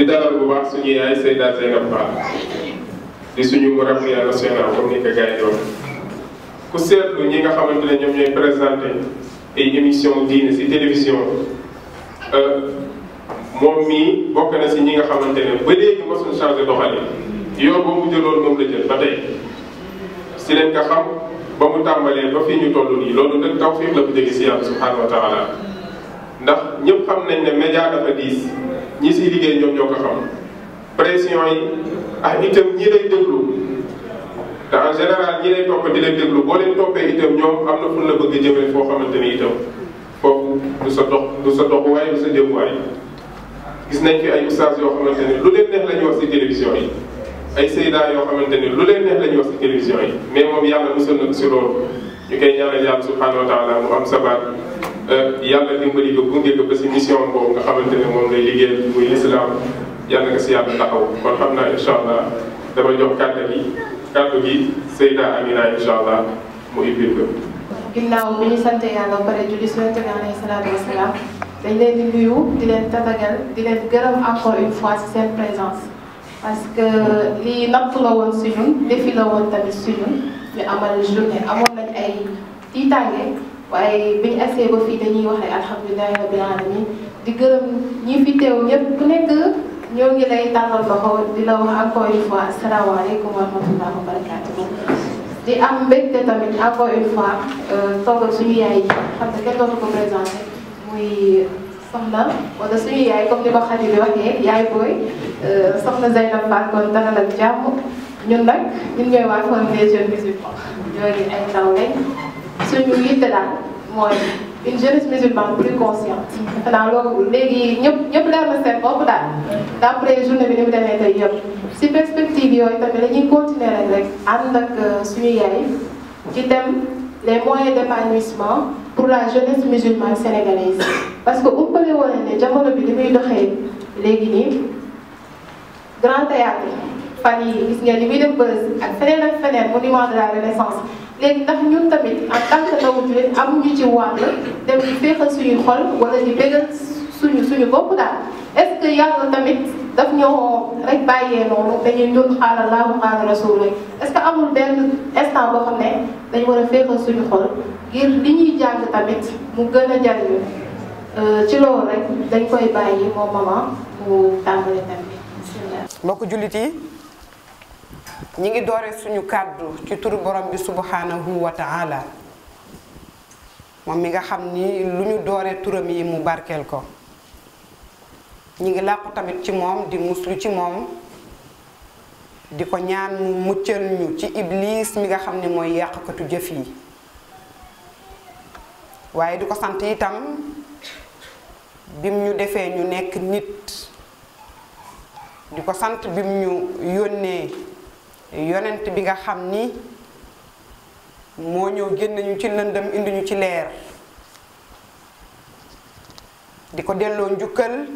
di dalal bu baax suñu yaay Seyda Zeynab Fall di suñu rab yàlla Seyna comme ni ko gars yi doon ku seetlu ñi nga xamante ne ñoom ñooy présenté ay émission diine si télévision euh, moom mii bokk na si ñi nga xamante ne ba léegi mosul changé doxalin yoon boo mu jëloon moom la jël ba tey si leen nga xam ba mu tàmbalee ba fii ñu toll nii loolu nag tawfiq la bu jóge si yàlla subhanahu wa taala ndax ñëpp xam nañ ne média dafa diis ñi si liggéey ñoom ñoo ko xam pression yi ñi lay déglu te en général ñi lay topp di lay déglu boo leen toppee itam ñoom am na fu la bëgg a jëmee foo xamante ni itam foofu du sa dox du sa doxuwaay du sa jëmuwaay gis nañ fi ay ustaas yoo xamante ni lu leen neex la ñuy wax si télévision yi ay seydaa yoo xamante ni lu leen neex la ñuy wax si télévision yi mais moom yàlla musal na si loolu ñu koy ñaanal yàlla subhanahu wa taala mu am sabaat euh, yàlla dimbali ko gunge ko ba si mission boobu nga xamante ne moom lay liggéeyal muy lislaam yàlla nga si yàlla taxaw kon xam naa incha allah dama jox kàddu gi kàddu gi Seyda Amina incha allah mu ubbil ko. ginnaaw bi ñu sant yàlla ba pare julli su Yonent bi alayhi salaatu wasalaam dañ leen di nuyu di leen tatagal di leen gërëm encore une fois si seen parce que lii natt la woon si ñun défi la woon tamit si ñu amal journée amoon nañ ay tiitaange waaye bi ñu agsee ba fii dañuy wax ne alhamdulilahi alamin di gërëm ñi fi teew ñëpp ku nekk ñoo ngi lay tàllal di la wax encore une fois asalaamaaleykum wa rahmatullahi wa barakatuh di am mbégte tamit encore une fois euh, toog ak suñu yaay yi xam ko présenté muy soxna wala suñu yaay ko xarit bi waxee yaay booy euh, soxna Zeynab Fall kon dalal ak jàmm ñun nag ñun ñooy waa Fonds des jeunes musulmans ñoo di ay ndaw lañ suñu yitte daal mooy une jeunesse musulmane plus consciente. defe naa loolu léegi ñëpp ñëpp na seen bopp daal d'après journée bi ni mu demee tey yëpp si perspective yooyu tamit dañuy continuer rek rek ànd ak euh, suñu yaay ci thème les moyens d'épanouissement pour la jeunesse musulmane sénégalaise. parce que umpale woon ne jamono bi li muy doxee léegi nii grand fan yii gis ngeen ni muy def bës ak feneen ak feneen monument de la renaissance léegi ndax ñun tamit en tant que ndawu jullit dem di féexal suñuy xol wala di bégal suñu suñu bopp daal est tamit daf ñoo rek bàyyee noonu dañuy ñun xaaral laabu que amul benn instant boo xam ne dañu war a féexal suñu xol ngir li ñuy jàng tamit mu gën a jariñu euh, ci loolu rek dañ koy bàyyi moom jullit yi. ñi ngi doore suñu kàddu ci turu borom bi subhanahu wa ta'ala moom mi nga xam ni lu ñu doore turam yi mu barkeel ko ñi ngi làqu tamit ci moom di muslu ci moom di ko ñaan mu muccal ñu ci iblis mi nga xam ni mooy yàqkatu jëf yi waaye di ko sant itam bim ñu defee ñu nekk nit di ko sant bim ñu yónnee yonent bi nga xam ni moo ñëw génn ñu ci lëndam indi ñu ci leer di ko delloo njukkal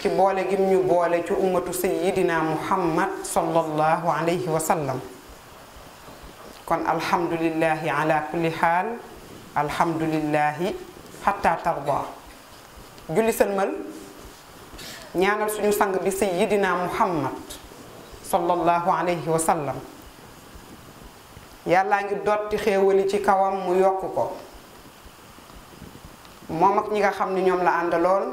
ci boole gim ñu boole ci ummatu sayyidina muhammad sallallahu alayhi wa sallam kon alhamdulillahi ala kulli xaal alhamdulillahi xatta tarda julli sëlmal ñaanal suñu sang bi sayyidina muhammad sallallahu alayhi wa sallam yàllaa ngi dotti xéewali ci kawam mu yokk ko moom ak ñi nga xam ni ñoom la àndaloon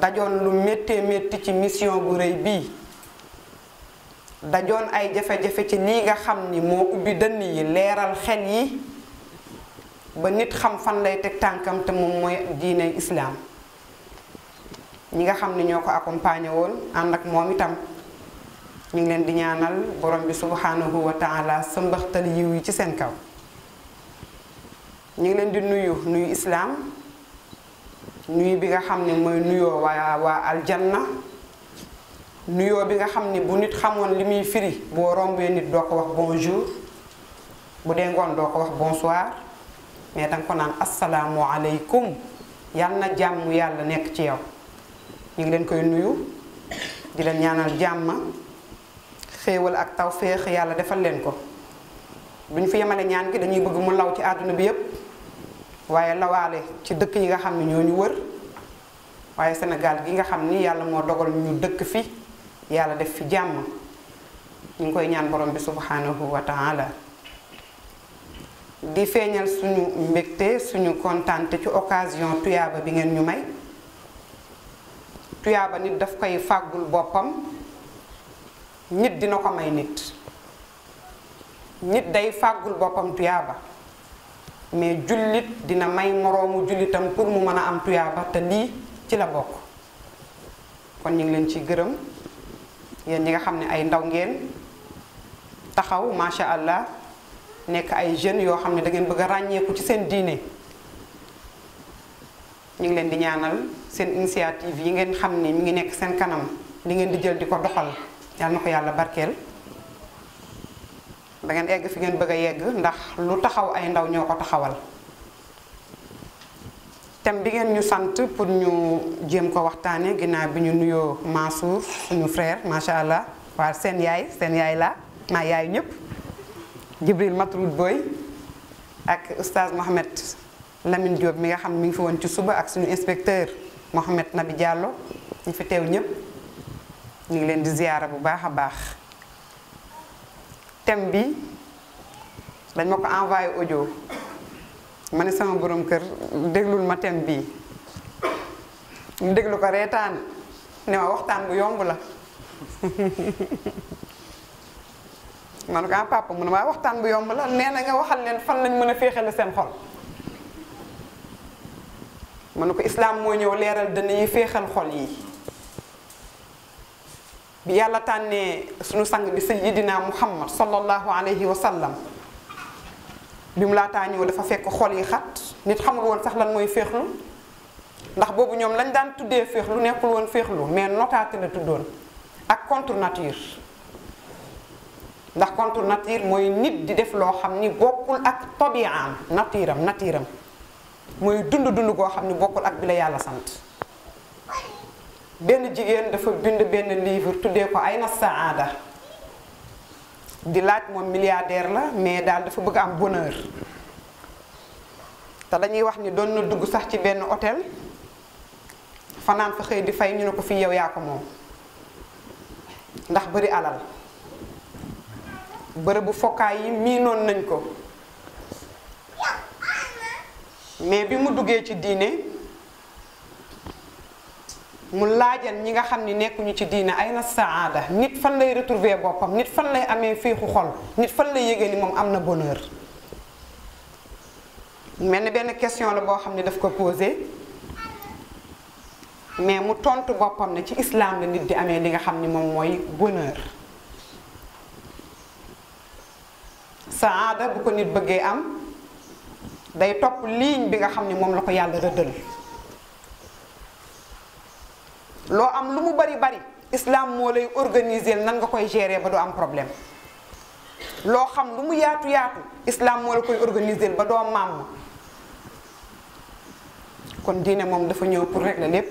dajoon lu méttee métti ci mission bu rëy bii dajoon ay jafe-jafe ci lii nga xam ni moo ubbi dënn yi leeral xel yi ba nit xam fan lay teg tànkam te moom mooy diine islaam ñi nga xam ne ñoo ko accompagne woon ànd ak moom itam ñu ngi leen di ñaanal borom bi subhanahu wa taala sëmbaxtal yiw yi ci seen kaw ñu ngi leen di nuyu nuyu islaam nuyu bi nga xam ne mooy nuyoo waa aljanna nuyoo bi nga xam ne bu nit xamoon li muy firi boo rombee nit doo ko wax bonjour bu dee ngoon doo ko wax bonsoir mais danga ko naan asalaamu aleykum yal na jàmm yàlla nekk ci yow ñu ngi leen koy nuyu di leen ñaanal jàmm xéewal ak tawféex yàlla defal leen ko duñ fi yemale ñaan gi dañuy bëgg mu law ci àdduna bi yépp waaye lawaale ci dëkk yi nga xam ne ñoo ñu wër waaye senegal gi nga xam ni yàlla moo dogal ñu dëkk fi yàlla def fi jàmm ñu ngi koy ñaan borom bi subhanahu wa taala di feeñal suñu mbégte suñu kontaante ci occasion tuyaaba bi ngeen ñu may tuyaaba nit daf koy fàggul boppam nit dina ko may nit nit day fàggul boppam tuyaaba mais jullit dina may moroomu jullitam pour mu mën a am tuyaaba te lii ci la bokk kon ñu ngi leen ciy gërëm yéen ñi nga xam ne ay ndaw ngeen taxaw macha allah nekk ay jeunes yoo xam ne dangeen bëgg a ràññeeku ci seen diine ñu ngi leen di ñaanal seen initiative yi ngeen xam ne mi ngi nekk seen kanam li ngeen di jël di ko doxal yàlla na ko yàlla barkeel ba ngeen egg fi ngeen bëgg a yegg ndax lu taxaw ay ndaw ñoo ko taxawal thème bi ngeen ñu sant pour ñu jéem ko waxtaane ginnaaw bi ñu nuyoo Mansour suñu frère macha allah waa seen yaay seen yaay la maa yaay ñëpp Jibril Matroud Boy ak oustaz Mohamed Lamine Diop mi nga xam mi ngi fi woon ci suba ak suñu inspecteur Mohamed Nabi jàlloo ñu fi teew ñëpp ñu ngi leen di ziyaara bu baax a baax tem bi dañ ma ko envoyé audio ma ne sama borom kër déglul ma thème bii mu déglu ko reetaan ne ma waxtaan bu yomb la man ko am ah, papa mu ne ma ah, waxtaan bu yomb la nee na nga waxal leen fan lañ mën a féexale seen xol ma ne ko islaam moo ñëw leeral dana yi féexal xol yi bi yàlla tànnee suñu sang bi sayyidina muhammad sallallahu alayhi wa sallam bi mu laataa ñëw dafa fekk xol yi xat nit xamul woon sax lan mooy féexlu ndax boobu ñoom lañ daan tuddee féexlu nekkul woon féexlu mais notaate la tuddoon ak contre nature ndax contre nature mooy nit di def loo xam ni bokkul ak tobiaam natiiram natiiram mooy dund dund goo xam ni bokkul ak bi la yàlla sant benn jigéen dafa bind benn livre tuddee ko ay na saada di laaj moom milliardaire la mais daal dafa bëgg am bonheur te dañuy wax ni doon na dugg sax ci benn otel fanaan fa xëy di fay ñu ne ko fi yow yaa ko moom ndax bari alal bërëbu fokkaay yi miinoon nañ ko mais bi mu duggee ci diine mu laajal ñi nga xam ni nekkuñu ci diina ay na saada nit fan lay retrouver boppam nit fan lay amee féexu xol nit fan lay yégee ni moom am na bonheur mel ni benn question la boo xam ne daf ko posé mais mu tontu boppam ne ci islam la nit di amee li nga xam ni moom mooy bonheur saada bu ko nit bëggee am day topp ligne bi nga xam ni moom la ko yàlla rëddal loo am lu mu bari bari islam moo lay organiser nan nga koy gérer ba du am problème loo xam lu mu yaatu yaatu islaam moo la koy organiser ba doo maam kon diine moom dafa ñëw pour régler lépp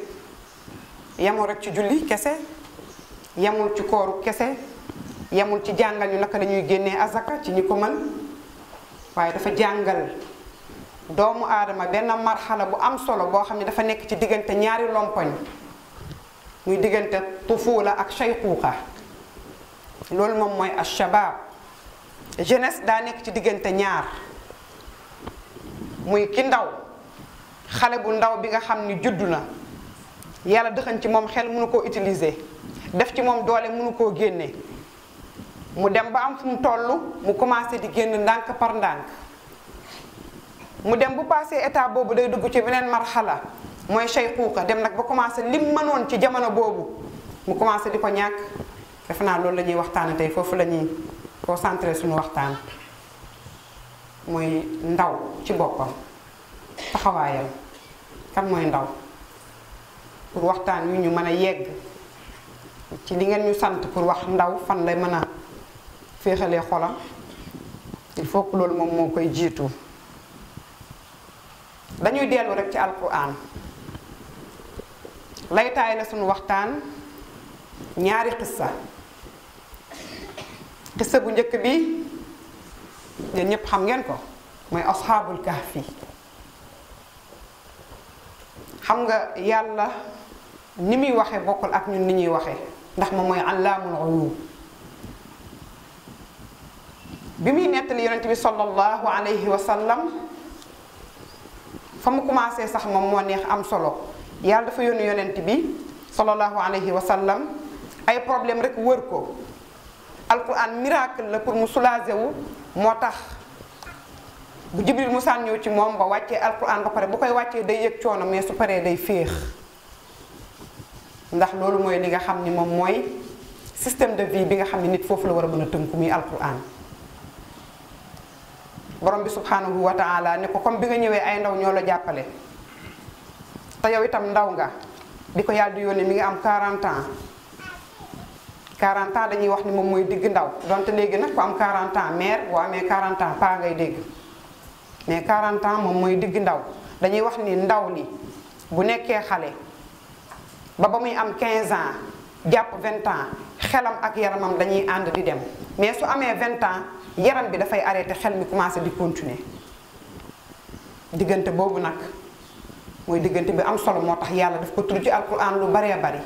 yemul rek ci julli kese yemul ci kooru kese yamul ci jàngal ñu naka dañuy génnee azaka ci ñi ko mën waaye dafa jàngal doomu aadama benn marxala bu am solo boo xam ne dafa nekk ci diggante ñaari lompoñ muy diggante tufuula ak shayxuuxa loolu moom mooy ashabab jeunesse daa nekk ci diggante ñaar muy ki ndaw xale bu ndaw bi nga xam ni juddu na yàlla dëxan ci moom xel munu koo utiliser def ci moom doole mënu koo génnee mu dem ba am fu mu toll mu commencé di génn ndànk par ndànk mu dem bu passé état boobu day dugg ci beneen marxala mooy shaykuuka dem nag ba commencé lim mënoon ci jamono boobu mu commencé di ko ñàkk defe naa loolu la ñuy waxtaane tey foofu la ñuy concentré suñu waxtaan mooy ndaw ci boppam taxawaayam kan mooy ndaw pour waxtaan wi ñu mën a yegg ci li ngeen ñu sant pour wax ndaw fan lay mën a féexalee xolam il faut loolu moom moo koy jiitu dañuy dellu rek ci alquran laytaay la sunu waxtaan ñaari xissa xissa bu njëkk bi yéen ñëpp xam ngeen ko mooy asxaabul kahfi xam nga yàlla ni muy waxe bokkul ak ñun ni ñuy waxe ndax moom mooy allaamul uyuub bi muy nettali yonent bi sallallahu alayhi wa sallam fa mu commencé sax moom moo neex am solo yàlla dafa yónni yonent bi sallallahu alayhi wa sallam ay problème rek wër ko alquran miracle la pour mu soulager wu moo tax bu jibril musaan ñëw ci moom ba wàccee alquran ba pare bu koy wàccee day yëg coono mais su paree day féex ndax loolu mooy li nga xam ni moom mooy système de vie bi nga xam ne nit foofu la war a mën a tënku muy alquran borom bi subhanahu wa taala ne ko comme bi nga ñëwee ay ndaw ñoo la jàppale te yow itam ndaw nga di ko yàlla di yónnee mi ngi am 40 ans 40 ans dañuy wax ni moom mooy digg ndaw donte léegi nag ko am quarante ans mère boo amee 40 ans paa ngay dégg mais quarante ans moom mooy digg ndaw dañuy wax ni ndaw li bu nekkee xale ba ba muy am 15 ans jàpp 20 ans xelam ak yaramam dañuy ànd di dem mais su amee vingt ans yaram bi dafay arrêté xel mi commencé di continuer diggante boobu nag. mooy diggante bi am solo moo tax yàlla daf ko tudd ci alquran lu baree bari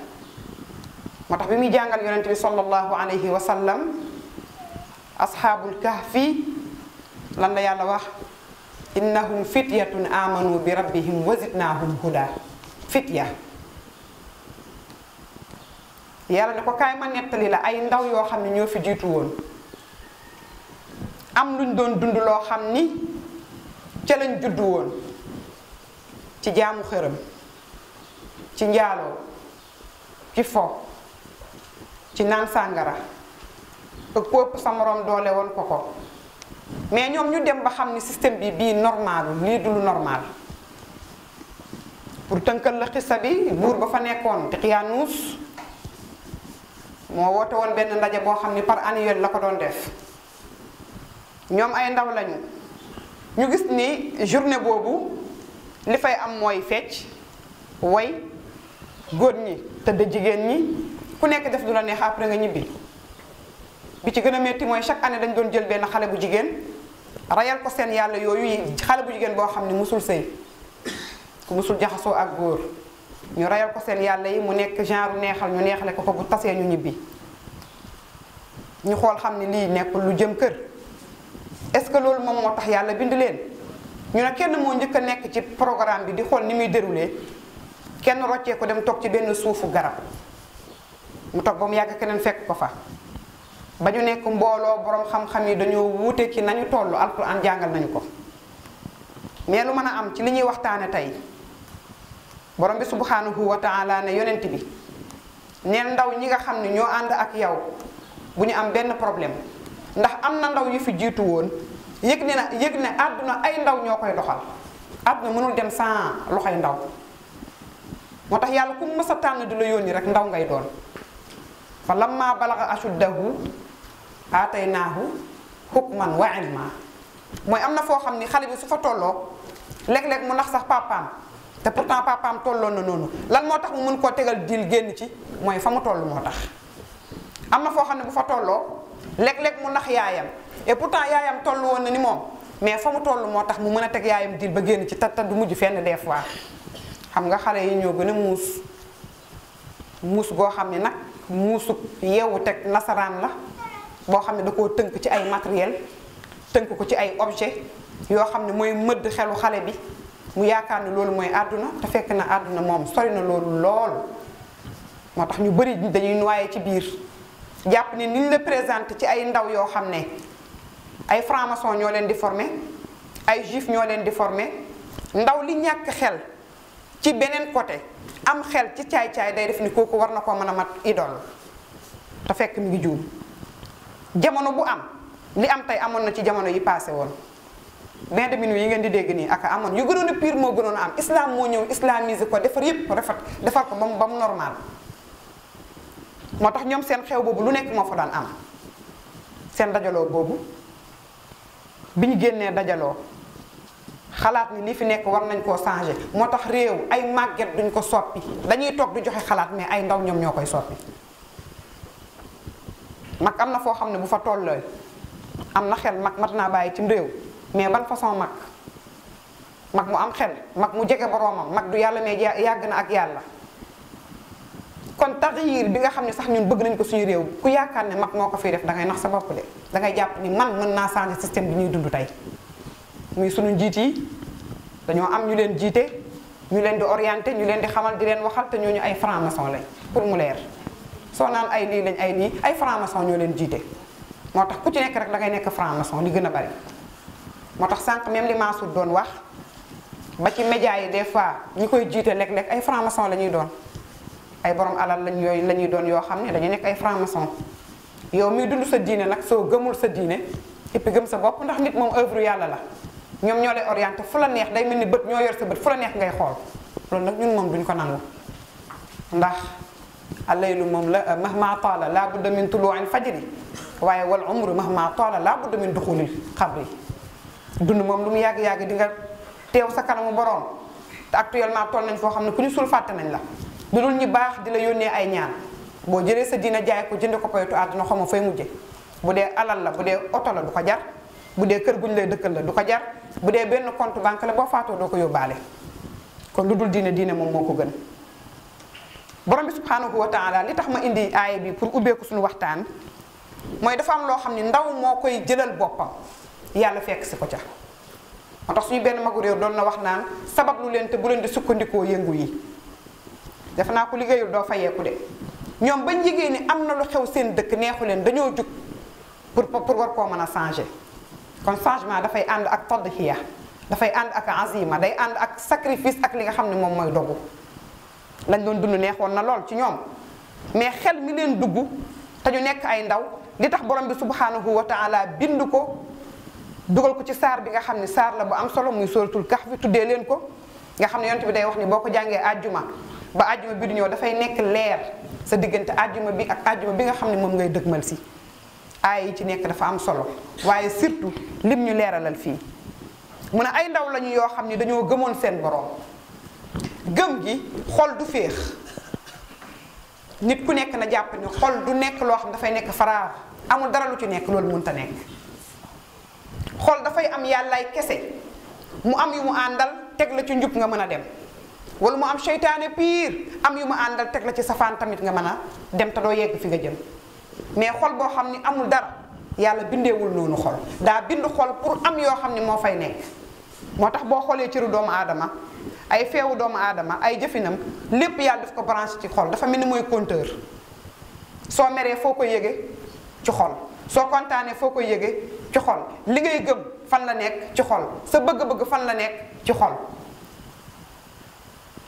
moo tax bi muy jàngal yonente bi sallallahu alayhi wa sallam asxaabul kahfi lan la yàlla wax innahum fityatun amanu bi rabbihim wa zidnaahum huda fitya yàlla ne ko kaay ma nettali la ay ndaw yoo xam ne ñoo fi jiitu woon am luñ doon dund loo xam ni ca lañ juddu woon ci jaamu xërëm ci njaaloo ci fo ci naan sàngara ak képp sa morom doole woon ko ko mais ñoom ñu dem ba xam ni système bi bii normal lii du lu normal pour tënkal la xisa bi buur ba fa nekkoon Xiyaanuus moo woote woon benn ndaje boo xam ni par annuel la ko doon def ñoom ay ndaw lañu ñu gis ni journée boobu li fay am mooy fecc woy góor ñi tëdd jigéen ñi ku nekk def du la neex après nga ñibbi bi ci gën a métti mooy chaque année dañ doon jël benn xale bu jigéen rayal ko seen yàlla yooyu xale bu jigéen boo xam ne mosul sëy ku musul jaxasoo ak góor ñu rayal ko seen yàlla yi mu nekk genre neexal ñu neexale ko ko bu tasee ñu ñibbi ñu xool xam ne lii nekkul lu jëm kër est-ce que loolu moom moo tax yàlla bind leen ñu ne kenn moo njëkk a nekk ci programme bi di xool ni muy déroulé kenn roccee ko dem toog ci benn suufu garab mu toog ba mu yàgg keneen fekk ko fa ba ñu nekk mbooloo borom xam-xam yi dañoo wuute ci nañu toll alxuraan jàngal nañu ko mais lu mën a am ci li ñuy waxtaane tey borom bi subhanahu wa taala ne yonent bi neen ndaw ñi nga xam ne ñoo ànd ak yow bu ñu am benn problème ndax am na ndaw yu fi jiitu woon yëg ne na yëg ne àdduna ay ndaw ñoo koy doxal àdduna mënul dem sans loxoy ndaw moo tax yàlla ku mës a tànn di la yónni rek ndaw ngay doon fa lamma balaga ashuddahu aataynaahu hukman wa ilma mooy am na foo xam ni xale bi su fa tolloo léeg-léeg mu nax sax papaam te pourtant papaam tolloon na noonu lan moo tax mu mën koo tegal diil génn ci mooy fa mu toll moo tax am na foo xam ne bu fa tolloo léeg-léeg mu nax yaayam et pourtant yaayam toll woon na ni moom mais fa mu toll moo tax mu mën a teg yaayam dil ba génn ci ta ta du mujj fenn des fois xam nga xale yi ñoo gën a muus muus goo xam ne nag muusu yeewu teg nasaraan la boo xam ne da koo tënk ci ay matériel tënk ko ci ay objet yoo xam ne mooy mëdd xelu xale bi mu yaakaar ne loolu mooy àdduna te fekk na àdduna moom sori na loolu lool moo tax ñu bëri dañuy noyé ci biir jàpp ne niñ la présenté ci ay ndaw yoo xam ne ay franc ñoo leen di former ay juif ñoo leen di former ndaw li ñàkk xel ci beneen côté am xel ci caay-caay day def ni kooku war na koo mën a mat idole te fekk mu ngi juum jamono bu am li am tey amoon na ci jamono yi passé woon bain de minuit yi ngeen di dégg nii ak amoon yu gënoon a piir moo gënoon a am islam moo ñëw islamiser ko defar yépp rafet defar ko ba mu ba normal moo tax ñoom seen xew boobu lu nekk moo fa daan am seen dajaloo boobu bi ñu génnee dajaloo xalaat ni li fi nekk war nañ koo changer moo tax réew ay màgget duñ ko soppi dañuy toog du joxe xalaat mais ay ndaw ñoom ñoo koy soppi mag am na foo xam ne bu fa tollooy am na xel mag mat naa bàyyi ci réew mais ban façon mag mag mu am xel mag mu jege boroomam mag du yàlla mais yàgg na ak yàlla kon taxyiir bi nga xam ne sax ñun bëgg nañ ko suñu réew ku yaakaar ne mag moo ko fiy def dangay nax sa bopp de da ngay jàpp ni man mën naa changer système bi ñuy dund tey muy sunu jiit yi dañoo am ñu leen jiite ñu leen di orienté ñu leen di xamal di leen waxal te ñu ay franc lañ pour mu leer soo naan ay lii lañ ay lii ay franc ñoo leen jiite moo tax ku ci nekk rek da ngay nekk franc-maçon li gën a bari moo tax sànq même li Mansour doon wax ba ci média yi des fois ñi koy jiite léeg-léeg ay franc-maçon la ñuy doon ay borom alal lañ yooyu la ñuy doon yoo xam ne dañu nekk ay franc-maçon yow miy dund sa diine nag soo gëmul sa diine éppi gëm sa bopp ndax nit moom œuvre yàlla la ñoom ñoo lay orienté fu la neex day mel ni bët ñoo yor sa bët fu la neex ngay xool loolu nag ñun moom duñ ko nangu ndax alaylu moom la eh, mahma taala laa budda min tuluu'il fajri waaye wal umru mahma taala laa budda min duxulil xabri dund moom lu mu yàgg-yàgg di nga teew sa kanamu boroom te actuellement toll nañ foo xam ne ku ñu suul fàtte nañ la du dul ñu baax di la yónnee ay ñaan boo jëlee sa diina jaay ko jënd ko paytu àdduna xaw ma fay mujje bu dee alal la bu dee oto la du ko jar bu dee kër guñ lay dëkkal la du ko jar bu dee benn compte banque la boo faatoo doo ko yóbbaale kon lu dul diine diine moom moo ko gën borom bi subhanahu wa li tax ma indi aaye bi pour ubbeeku suñu waxtaan mooy dafa am loo xam ni ndaw moo koy jëlal boppam yàlla fekk si ko ca moo tax suñu benn magu réew doon na wax naan sabab lu leen te bu leen di sukkandikoo yëngu yi def naa ko liggéeyul doo fayeeku de ñoom bañ yëgee ni am na lu xew seen dëkk neexu leen dañoo jug pour pour war koo mën a changer kon changement dafay ànd ak tadhiya dafay ànd ak azima day ànd ak sacrifice ak li nga xam ne moom mooy dogu lañ doon dund neexoon na lool ci ñoom mais xel mi leen dugg te ñu nekk ay ndaw li tax borom bi subhanahu wa taala bind ko dugal ko ci saar bi nga xam ne saar la bu am solo muy suratul kahf tuddee leen ko nga xam ne yonent bi day wax ni boo ko jàngee àjjuma ba àjjuma bi du ñëw dafay nekk leer sa diggante àjjuma bi ak àjjuma bi nga xam ne moom ngay dëgmal si aay yi ci nekk dafa am solo waaye surtout lim ñu leeralal fii mu ne ay ndaw lañu yoo xam ne dañoo gëmoon seen boroom gëm gi xol du féex nit ku nekk na jàpp ni xol du nekk loo xam dafay nekk faraar amul dara lu ci nekk loolu mënta nekk xol dafay am yàllaay kese mu am yu mu àndal teg la ci njub nga mën a dem wala mu am seytaane pire am yu mu àndal teg la ci safaan tamit nga mën a dem te doo yegg fi nga jëm mais xol boo xam ni amul dara yàlla bindeewul noonu xol daa bind xol pour am yoo xam ni moo fay nekk moo tax boo xoolee cëru doomu aadama ay feewu doomu aadama ay jëfinam lépp yàlla daf ko branché ci xol dafa mel ni mooy compteur soo meree foo ko yëge ci xol soo kontaanee foo koy yëge ci xol li ngay gëm fan la nekk ci xol sa bëgg-bëgg fan la nekk ci xol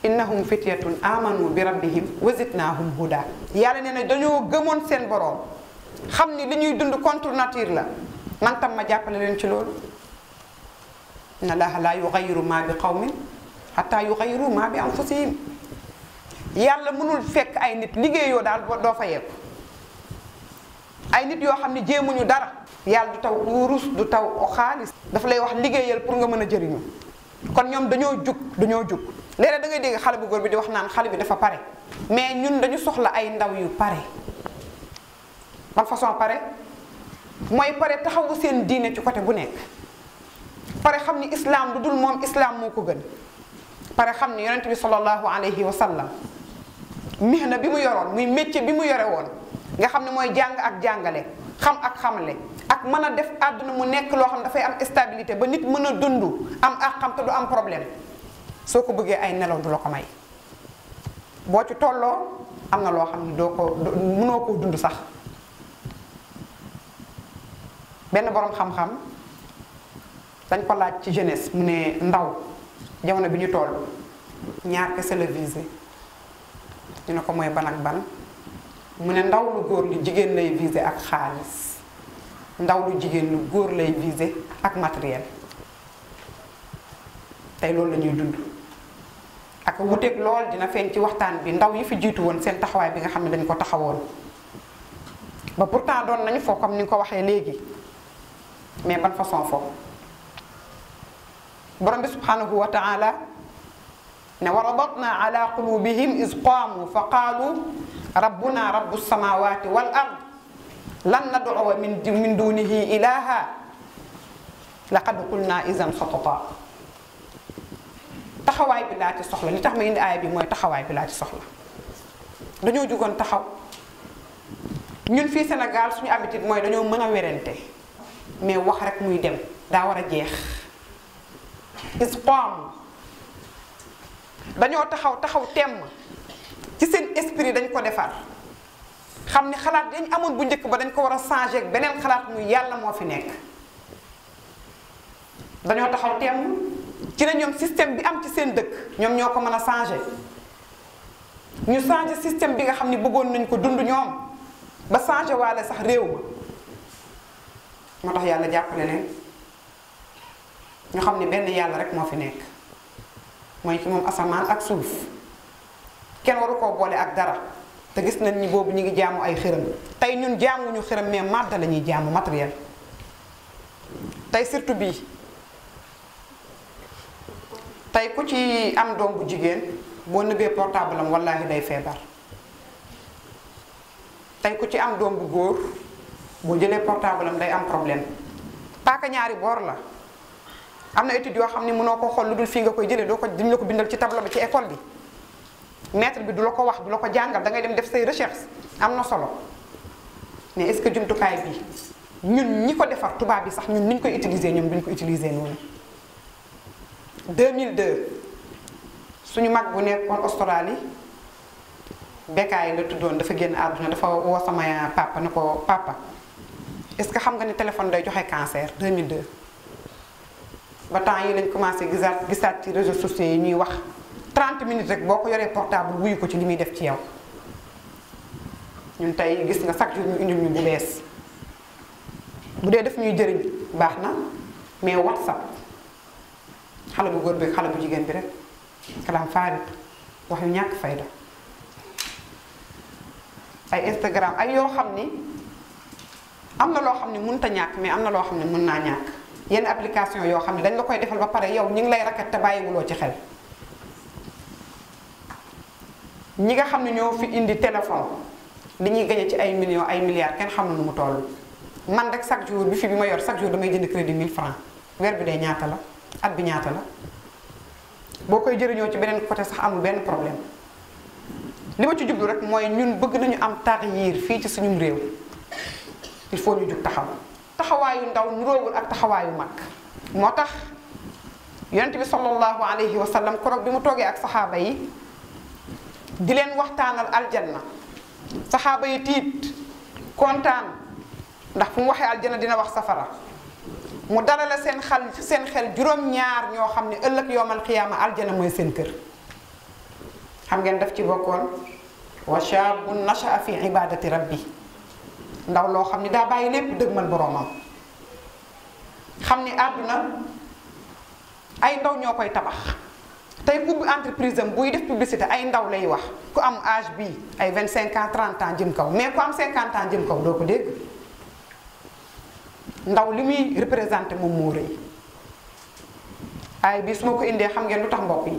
innahum fityatun amanu bi rabbihim wa zidnahum huda yàlla nee na dañoo gëmoon seen boroom xam ni li dund contre la man tam ma jàppale leen ci loolu na laaha laa yugayiru maa bi qawmin xataa yugayiru maa bi anfusihim yàlla mënul fekk ay nit liggéeyoo daal doo fa yegg ay nit yoo xam ne jéemuñu dara yàlla du taw wurus du taw xaalis dafa lay wax liggéeyal pour nga mën a jëriñu kon ñoom dañoo jug dañoo jug léeg-léeg da ngay dégg xale bu góor bi di wax naan xale bi dafa pare mais ñun dañu soxla ay ndaw yu pare ban façon pare mooy pare taxawu seen diine ci côté bu nekk pare xam ni islaam lu dul moom islaam moo ko gën pare xam ni yonent bi sallallahu alayhi wa sallam mihna bi mu yoroon muy métier bi mu yore woon nga xam ne mooy jàng ak jàngale xam ak xamle ak mën a def àdduna mu nekk loo xam ne dafay am stabilité ba nit mën a dund am ak xam te du am problème soo ko bëggee ay nelaw du la ko may boo ci tolloo am na loo xam ne doo ko munoo koo dund sax benn boroom xam-xam dañ ko laaj ci jeunesse mu ne ndaw jamono bi ñu toll ñaar kese la visé ñu ne ko mooy ban ak ban mu ne ndaw lu góor li jigéen lay visé ak xaalis ndaw lu jigéen lu góor lay visé ak materiel tey loolu la ñuy dund ak wuteeg lool dina feeñ ci waxtaan bi ndaw yi fi jiitu woon seen taxawaay bi nga xam ne dañ ko taxawoon ba pourtant doon nañu foo comme ni nga ko waxee léegi mais ban façon foofu borom bi subhanahu wa taala ne wa naa ala qulubihim iz qaamu fa qaalu rabbuna rabbu samawati wal ard lan nad'uwa min min dunihi ilaha laqad qulna izan xatata taxawaay bi laa ci soxla li tax ma indi aaya bi mooy taxawaay bi laa ci soxla dañoo jugoon taxaw ñun fii Sénégal suñu habitude mooy dañoo mën a werante mais wax rek muy dem daa war a jeex isqaam dañoo taxaw taxaw temm ci seen esprit dañ ko defar xam ni xalaat dañ amoon bu njëkk ba dañ ko war a changé beneen xalaat muy yàlla moo fi nekk dañoo taxaw teem ci ne ñoom système bi am ci seen dëkk ñoom ñoo ko mën a changé ñu changé système bi nga xam ni bëggoon nañ ko dund ñoom ba changé waale sax réew ma moo tax yàlla jàpp leen ñu xam ni benn yàlla rek moo fi nekk mooy ki moom asamaan ak suuf kenn waru koo boole ak dara te gis nañ ni boobu ñu ngi jaamu ay xërëm tey ñun jaamuñu xërëm mais màdd la ñuy jaamu matériel tey surtout bii tey ku ci am doom bu jigéen boo nëbbee portable am wallaahi day feebar tey ku ci am doom bu góor boo jëlee portable am day am problème paaka ñaari boor la am na étude yoo xam ne mënoo ko xool lu dul fii nga koy jëlee doo ko duñ la ko bindal ci table bi ci école bi maître bi du la ko wax du la ko jàngal da ngay dem def say recherche am na solo mais est-ce que jumtukaay bi ñun ñi ko defar tubaab yi sax ñun ni ñu koy utiliser ñoom duñ ko utiliser noonu 2002 suñu mag bu nekkoon Australie Bécaye la tuddoon dafa génn àdduna dafa woo sama papa ne ko papa est-ce que xam nga ni téléphone day joxe cancer 2002 ba temps yi lañ commencé gisaat gisaat ci réseaux sociaux yi ñuy wax. 30 minutes rek boo ko yoree portable wuyu ko ci li muy def ci yaw ñun tey gis nga chaque jour ñu ñu bu bees bu dee def ñuy jëriñ baax na mais whatsapp xale bu góor bi xale bu jigéen bi rek kalaam faarit wax yu ñàkk fayda ay Instagram ay yoo xam ni am na loo xam ne mënut a ñàkk mais am na loo xam ne mën naa ñàkk yenn application yoo xam ne dañ la koy defal ba pare yow ñu ngi lay raket te bàyyiwuloo ci xel. ñi nga xam ne ñoo fi indi téléphone li ñuy gañe ci ay millions ay milliards kenn xamul nu mu toll man rek chaque jour bi fi bi ma yor chaque jour damay jënd crédit 1000 francs weer bi day ñaata la at bi ñaata la boo koy jëriñoo ci beneen côté sax amul benn problème li ma ci jublu rek mooy ñun bëgg nañu am taxyiir fii ci suñum réew il faut ñu jug taxaw taxawaayu ndaw nuroowul ak taxawaayu mag moo tax yonent bi sallallahu alayhi wa sallam koroog bi mu toogee ak saxaaba yi di leen waxtaanal aljana saxaaba yi tiit kontaan ndax fu mu waxee aljanna dina wax safara mu dara la seen xal seen xel juróom-ñaar ñoo xam ne ëllëg yoomal xiyaama aljana mooy seen kër xam ngeen def ci bokkoon wa shaabun nashaa fi ibadati bi ndaw loo xam ni daa bàyyi lépp dëgmal boroomam xam ni àdduna ay ndaw ñoo koy tabax tey ku entreprise am buy def publicité ay ndaw lay wax ku am âge bii ay vingt ans 30 ans jëm kaw mais ku am 50 ans jëm kaw doo ko dégg ndaw li muy représenté moom moo rëy ay bi su ma ko indee xam ngeen lu tax mbokk yi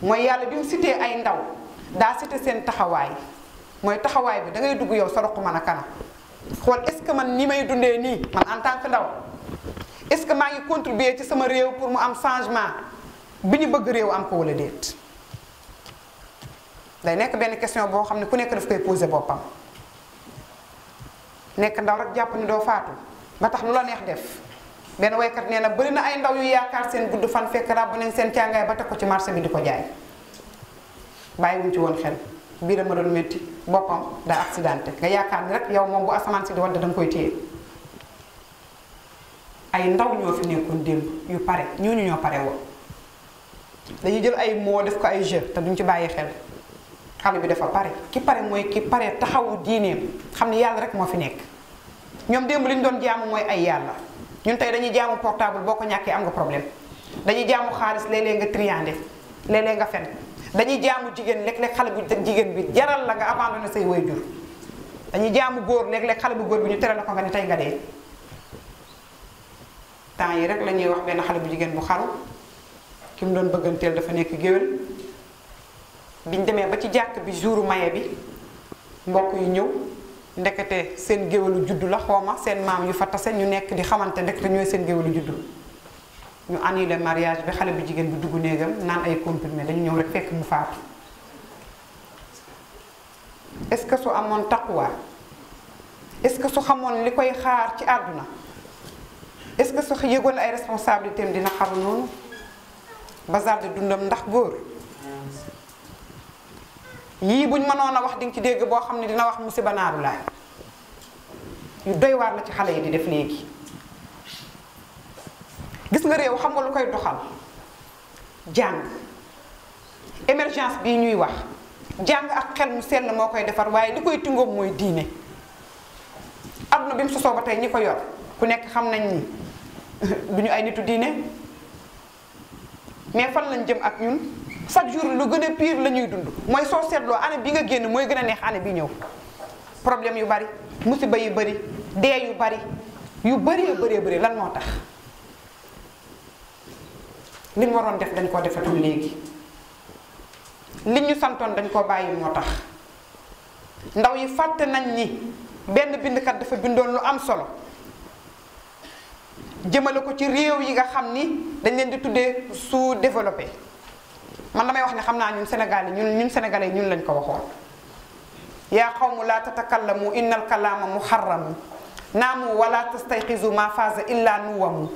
mooy yàlla bi mu cité ay ndaw daa cité seen taxawaay mooy taxawaay bi da ngay dugg yow sa roq man a kana xool est-ce que man ni may dundee nii man en tant que ndaw est-ce que maa ngi contribuer ci sama réew pour mu am changement bi ñu bëgg réew am ko wala déet day nekk benn question boo xam ne ku nekk daf koy pose boppam nekk ndaw rek jàpp ni doo faatu ba tax lu la neex def benn waykat nee na bëri na ay ndaw yu yaakaar seen gudd fan fekk ràbb nañ seen càngaay ba teg ko ci marché bi di ko jaay bàyyiwuñ ci woon xel bii dama doon métti boppam daa accidenté yaakaar ni rek yow moom bu asamaan si di wadd da nga koy téye ay ndaw ñoo fi nekkoon démb yu pare ñooñu ñoo pare woon dañuy jël ay moo def ko ay jeu te ñu ci bàyyi xel xale bi dafa pare ki pare mooy ki pare taxawu diineem xam ne yàlla rek moo fi nekk ñoom démb li ñu doon jaamu mooy ay yàlla ñun tey dañuy jaamu portable boo ko ñàkkee am nga problème dañuy jaamu xaalis léeg-léeg nga triandé léeg-léeg nga fen dañuy jaamu jigéen léeg-léeg xale bu jigéen bi jaral la nga abandonné say jur dañuy jaamu góor léeg-léeg xale bu góor bi ñu tere la ko nga ne tey nga dee temps yi rek la ñuy wax benn xale bu jigéen bu xaru ki mu doon bëgganteel dafa nekk géwél biñ demee ba ci jàkk bi jouru maye bi mbokk yu ñëw ndekete seen géwélu juddu la xooma seen maam yu fa tase ñu nekk di xamante ndekete ñooy seen géwélu juddu ñu annulé mariage bi xale bu jigéen bi dugg néegam naan ay comprimé dañu ñëw rek fekk mu faatu est-ce que su amoon taqwa est-ce que su xamoon li koy xaar ci àdduna est-ce que su yëgoon ay responsabilités dina xaru noonu ba zarde dundam ndax góor yii buñ mënoon a wax di nga ci dégg boo xam ne dina wax mu naaru laay yu doy waar la ci xale yi di def léegi gis nga réew xam nga lu koy doxal jàng émergence bii ñuy wax jàng ak xel mu sell moo koy defar waaye li koy tingoom mooy diine adduna bi mu sosoo ba tey ñi ko yor ku nekk xam nañ ni ñu ay nitu diine mais fan lañ jëm ak ñun chaque jour lu gën a piir la ñuy dund mooy soo seetloo année bi nga génn mooy gën a neex année bi ñëw problème yu bari musiba yu bari dee yu bari yu bëree bëree bëri lan moo tax liñ waroon def dañ koo defetul léegi liñ ñu santoon dañ koo bàyyi moo tax ndaw yi fàtte nañ ni benn bindkat dafa bindoon lu am solo jëmale ko ci réew yi nga xam ni dañ leen di tuddee sous-développé man damay wax ne xam naa ñun Sénégal yi ñun ñun sénégalais ñun lañ ko waxoon yaa qawmu laa tatakallamu innal kalaama muharramu naamu wala tastayqizu ma faaza illa nuwamu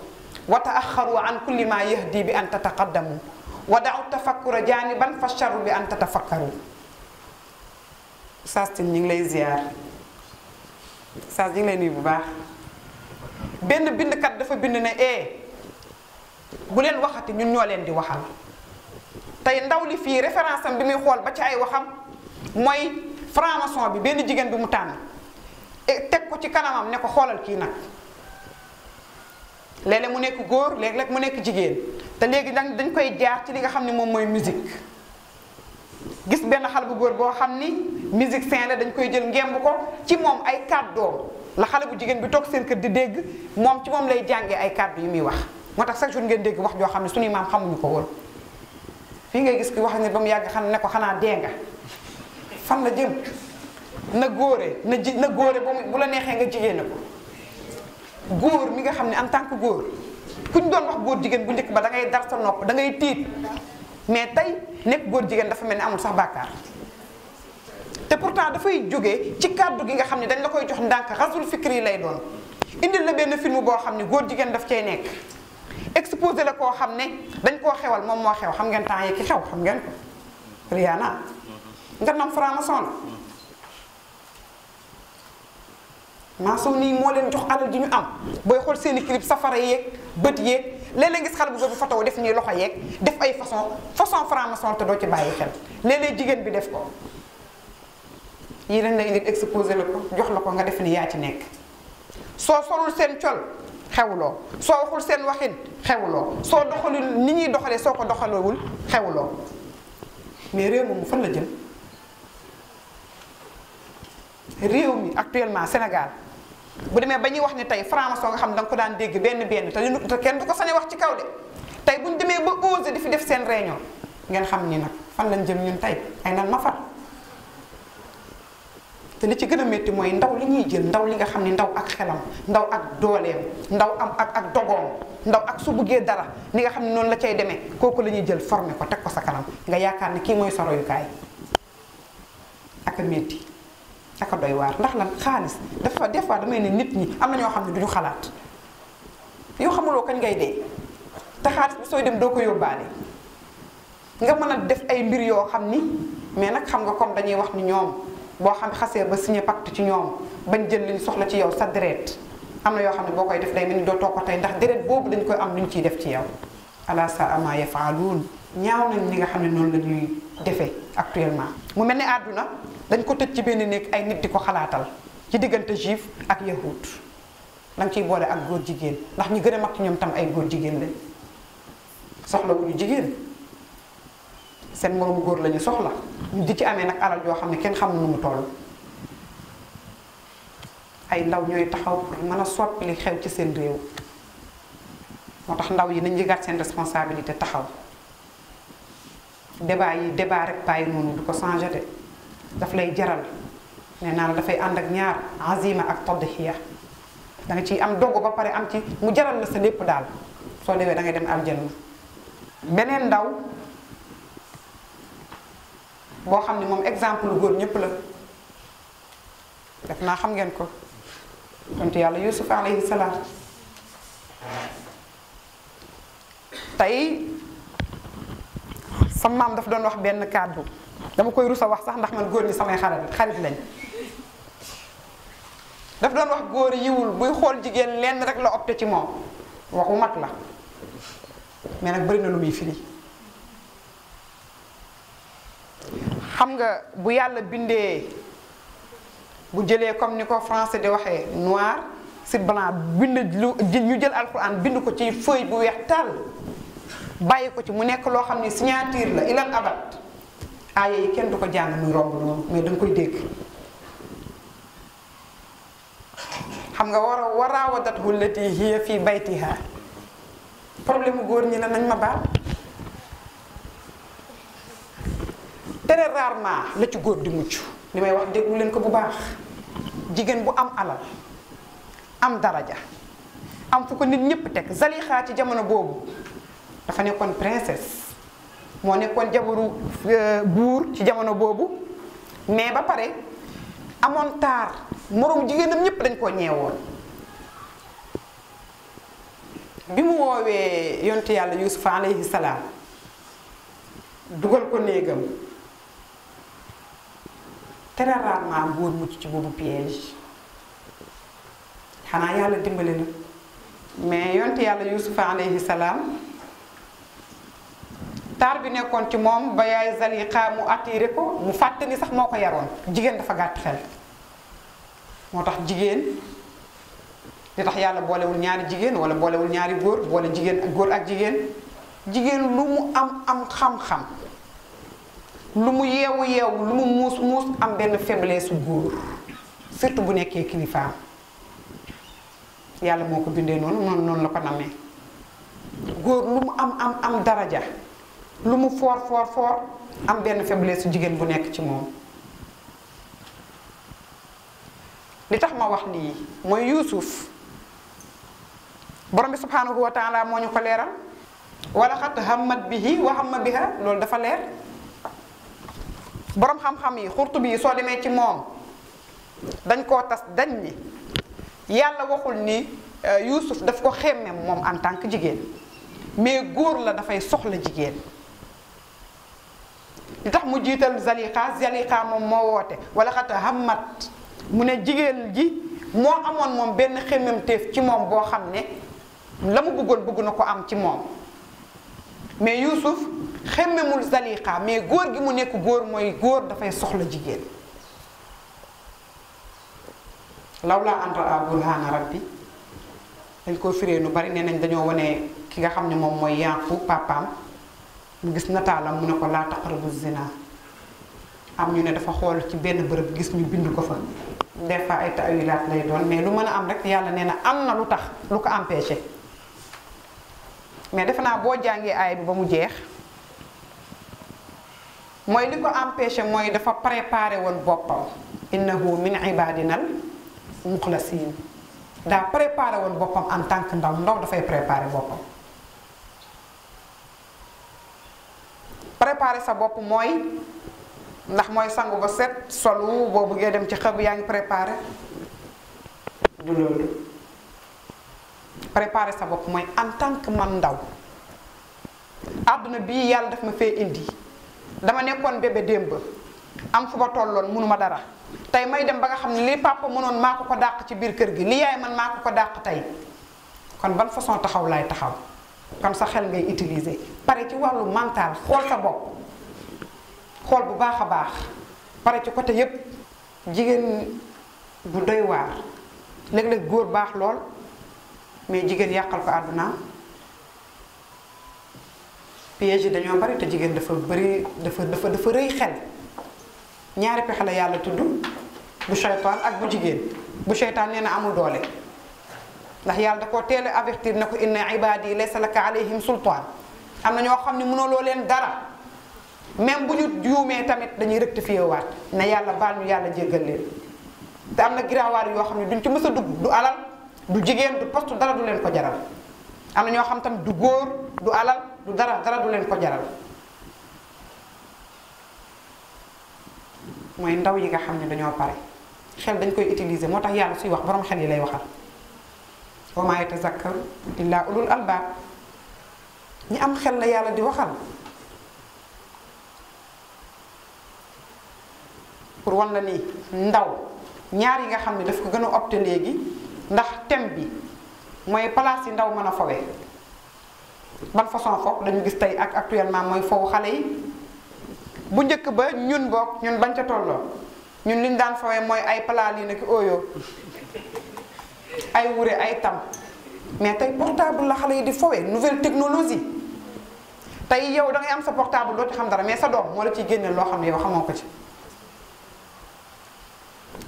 wa taaxaru an kulli ma yahdi bi an tataqaddamu wa daaw tafakkura jaaniban fa charu bi an tatafakkaru saastin ñu ngi lay ziar saas ñu lay nuyu bu baax benn bindkat dafa bind na eh bu leen waxati ñun ñoo leen di waxal tey ndaw li fii référence bi muy xool ba ci ay waxam mooy franc bi benn jigéen bi mu tànn e, teg ko ci kanamam ne ko xoolal kii nag léeg mu nekk góor léeg-léeg mu nekk jigéen te léegi nag dañ koy jaar ci li nga xam ne moom mooy musique gis benn xal bu góor boo xam ni musicien la dañ koy jël ngemb ko ci moom ay kaat kàddoom la xale bu jigéen bi toog seen kër di dégg moom ci moom lay jàngee ay kàddu yu muy wax moo tax chaque jour ngeen dégg wax joo xam ne su suñuy maam xamuñu ko woon fii ngay gis ki wax ne ba mu yàgg xam ne ko xanaa dee nga fan la jëm na góore na ji na góore bu la neexee nga jigéen ko góor mi nga xam ne en tant que góor ku ñu doon wax góor jigéen bu njëkk ba da ngay dar sa nopp da ngay tiit mais tey nekk góor jigéen dafa mel ni amul sax bàkkaar te pourtant dafay jóge ci kàddu gi nga xam ne dañ la koy jox ndànk rasul fikri lay doon indil la benn film boo xam ne góor jigéen daf cay nekk exposé la koo xam ne dañ koo xewal moom moo xew xam ngeen temps yi ki xew xam ngeen ko Rihanna nga nam franc-maçon maçon nii moo leen jox alal ji ñu am booy xool seeni clip safara yéeg bët yéeg léeg-léeg ngis xale bu góor bu photo def nii loxo yeeg def ay façon façon franc-maçon te doo ci bàyyi xel léeg-léeg jigéen bi def ko yii lañ la indil exposé la ko jox la ko nga def ni yaa ci nekk soo solul seen col xewloo soo waxul seen waxin xewloo soo doxalul ni ñuy doxalee soo ko doxalewul xewloo mais réew moomu fan la jëm réew mi actuellement Sénégal bu demee ba ñuy wax ni tey franc soo nga xam da nga ko daan dégg benn benn te te kenn du ko sañ wax ci kaw de tey bu ñu demee ba osé di fi def seen réunion ngeen xam ni nag fan lañ jëm ñun tey ay nan ma far te li ci gën a métti mooy ndaw li ñuy jël ndaw li nga xam ni ndaw ak xelam ndaw ak dooleem ndaw am ak ak dogoom ndaw ak su buggee dara li nga xam ne noonu la cay demee kooku la ñuy jël formé ko teg ko sa kanam nga yaakaar ne kii mooy sa royukaay ak a métti ak a doy waar ndax lan xaalis dafa des fois damay ne nit ñi am na ñoo xam ne du ñu xalaat yoo xamuloo kañ ngay dee te xaalis bi sooy dem doo ko yóbbaale nga mën a def ay mbir yoo xam ni mais nag xam nga comme dañuy wax ni ñoom. boo xam xasee ba signé pacte ci ñoom bañ jël li soxla ci yow sa deret am na yoo xam ne boo koy def day mel ni doo too ko tey ndax deret boobu dañ koy am lu ñu ciy def ci yow ala sa ama yafaaluun ñaaw nañ li nga xam ne noonu la ñuy defee actuellement mu mel ni àdduna dañ ko tëj ci benn néeg ay nit di ko xalaatal ci diggante juif ak yahud danga ciy boole ak góor jigéen ndax ñi gën a mag ci ñoom tam ay góor jigéen lañ soxlawuñu jigéen seen moromu góor la soxla ñu di ci amee nag alal yoo xam ne kenn xam nu mu toll ay ndaw ñooy taxaw pour a soppi li xew ci seen réew moo tax ndaw yi nañ yëgaat seen responsabilité taxaw débat yi débat rek bàyyi noonu du ko changé de daf lay jaral ne naa la dafay ànd ak ñaar azima ak tadhiya da nga ciy am dogu ba pare am ci mu jaral la sa lépp daal soo demee da ngay dem aljanna beneen ndaw boo xam ne moom exemple lu góor ñépp la def naa xam ngeen ko tontu yàlla yusuf alayhi salaam tey sa maam daf doon wax benn kàddu dama koy rusa wax sax ndax man góor ñi samay xarit xarit lañ daf doon wax góor yiwul buy xool jigéen lenn rek la opp ci moom waxu mag la mais nag bari na lu muy firi xam nga bu yàlla bindee bu jëlee comme ni ko français di waxee noir sur blanc bind lu ñu jël alxuraan bind ko ci feuille bu weex tàll bàyyi ko ci mu nekk loo xam ne signature la ilal abat aaya yi kenn du ko jàng muy romb noonu mais danga koy dégg xam nga war a waraawadat hullati hiya fii baytiha problème góor ñi la nañ ma baal très rarement la ci góor di mucc li may wax déglu leen ko bu baax jigéen bu am alal am daraja am fu ko nit ñëpp teg Zalixa ci jamono boobu dafa nekkoon princesse moo nekkoon jabaru euh, buur ci jamono boobu mais ba pare amoon taar moroom jigéenam ñépp dañ koo ñeewoon bi mu woowee yonte yàlla Yuusuf alayhi salaam dugal ko néegam très rarement góor mucc ci boobu piège xanaa yàlla dimbale na mais yonte yàlla yusufa alayhi salaam taar bi nekkoon ci moom ba yaay Zaliqa mu attiré ko mu fàtte sax moo ko yaroon jigéen dafa gàtt xel moo tax jigéen li tax yàlla boolewul ñaari jigéen wala boolewul ñaari góor boole jigéen góor ak jigéen jigéen lu mu am am xam-xam lu mu yeewu yeewu lu mu muus muus am benn faiblesse góor surtout bu nekkee kilifaam yàlla moo ko bindee noonu noonu noonu la ko namee góor lu mu am am am daraja lu mu foor foor foor am benn faiblesse jigéen bu nekk ci moom li tax ma wax lii mooy yuusuf borom bi subhaanahu wa taala moo ñu ko leeral walla xat hammat bihi wa hamma biha loolu dafa leer borom xam-xam yi Xurtubi soo demee ci moom dañ koo tas dañ ni yàlla waxul ni euh, Yuusuf daf ko xemmem moom en tant que jigéen mais góor la dafay soxla jigéen li tax mu jiital Zaliqa Zaliqa moom moo woote wala xat hammat mu ne jigéen ji moo amoon moom benn xemmemteef ci moom boo xam ne la mu buggoon bëgg na ko am ci moom mais Yuusuf xemmemul Zalixa mais góor gi mu nekk góor mooy góor dafay soxla jigéen law laa an raa burhaana rabbi dañ koo firee nu bari nee nañ dañoo wane ki nga xam ne moom mooy yàqu papaam mu gis nataalam mu ne ko laa taqrabu zina am ñu ne dafa xool ci benn bërëb gis ñu bind ko fa des fois ay taawilaat lay doon mais lu mën a am rek yàlla nee na am na lu tax lu ko empêché mais defe naa boo jàngee aay bi ba mu jeex mooy li ko empêché mooy dafa préparé woon boppam innahu min ibadinal muxlasin daa préparé woon boppam en tant que ndaw ndaw dafay préparé boppam préparé sa bopp mooy ndax mooy sangu ba set solu boo bëggee dem ci xëb yaa ngi préparé du loolu préparer sa bopp mooy en tant que man ndaw àdduna bii yàlla daf ma fee indi dama nekkoon bébé démb am fu ma tolloon mënuma dara tey may dem ba nga xam ne li papa mënoon maa ko ko dàq ci biir kër gi li yaay man maa ko ko dàq tey kon ban façon taxaw laay taxaw kon sa xel ngay utiliser pare ci wàllu mental xool sa bopp xool bu baax a baax pare ci côté yépp jigéen bu doy waar léeg-léeg góor baax lool mais jigéen yàqal ko àdduna piège yi dañoo bari te jigéen dafa bari dafa dafa dafa rëy xel ñaari pexe la yàlla tudd bu seytaan ak bu jigéen bu seytaan nee na amul doole ndax yàlla da koo teel avertir na ko indi inna ibaadi laysa laka alayhim sultaan am na ñoo xam ne mënuloo leen dara même bu ñu juumee tamit dañuy rectifié waat na yàlla baal ñu yàlla jéggal leen te am na giraawaar yoo xam ne duñ ci mës dugg du alal du jigéen du poste dara du leen ko jaral am na ñoo xam tam du góor du alal du dara dara du leen ko jaral mooy ndaw yi nga xam ne dañoo pare xel dañ koy utiliser moo tax yàlla suy wax borom xel yi lay waxal wa maa yatazakkaru illaa ulul albaab ñi am xel la yàlla di waxal pour wan la ni ndaw ñaar yi nga xam ne daf ko gën a opté léegi ndax thème bi mooy place yi ndaw mën a fowe ban façon fo dañu gis tey ak actuellement mooy foofu xale yi bu njëkk ba ñun boog ñun bañ ca tolloo ñun liñ daan fowe mooy ay pala lii nag ooyo ay wure ay tam mais tey portable la xale yi di fowe nouvelle technologie tey yow da ngay am sa portable doo ci xam dara mais sa doom moo la ciy génne loo xam ne yow xamoo ko ci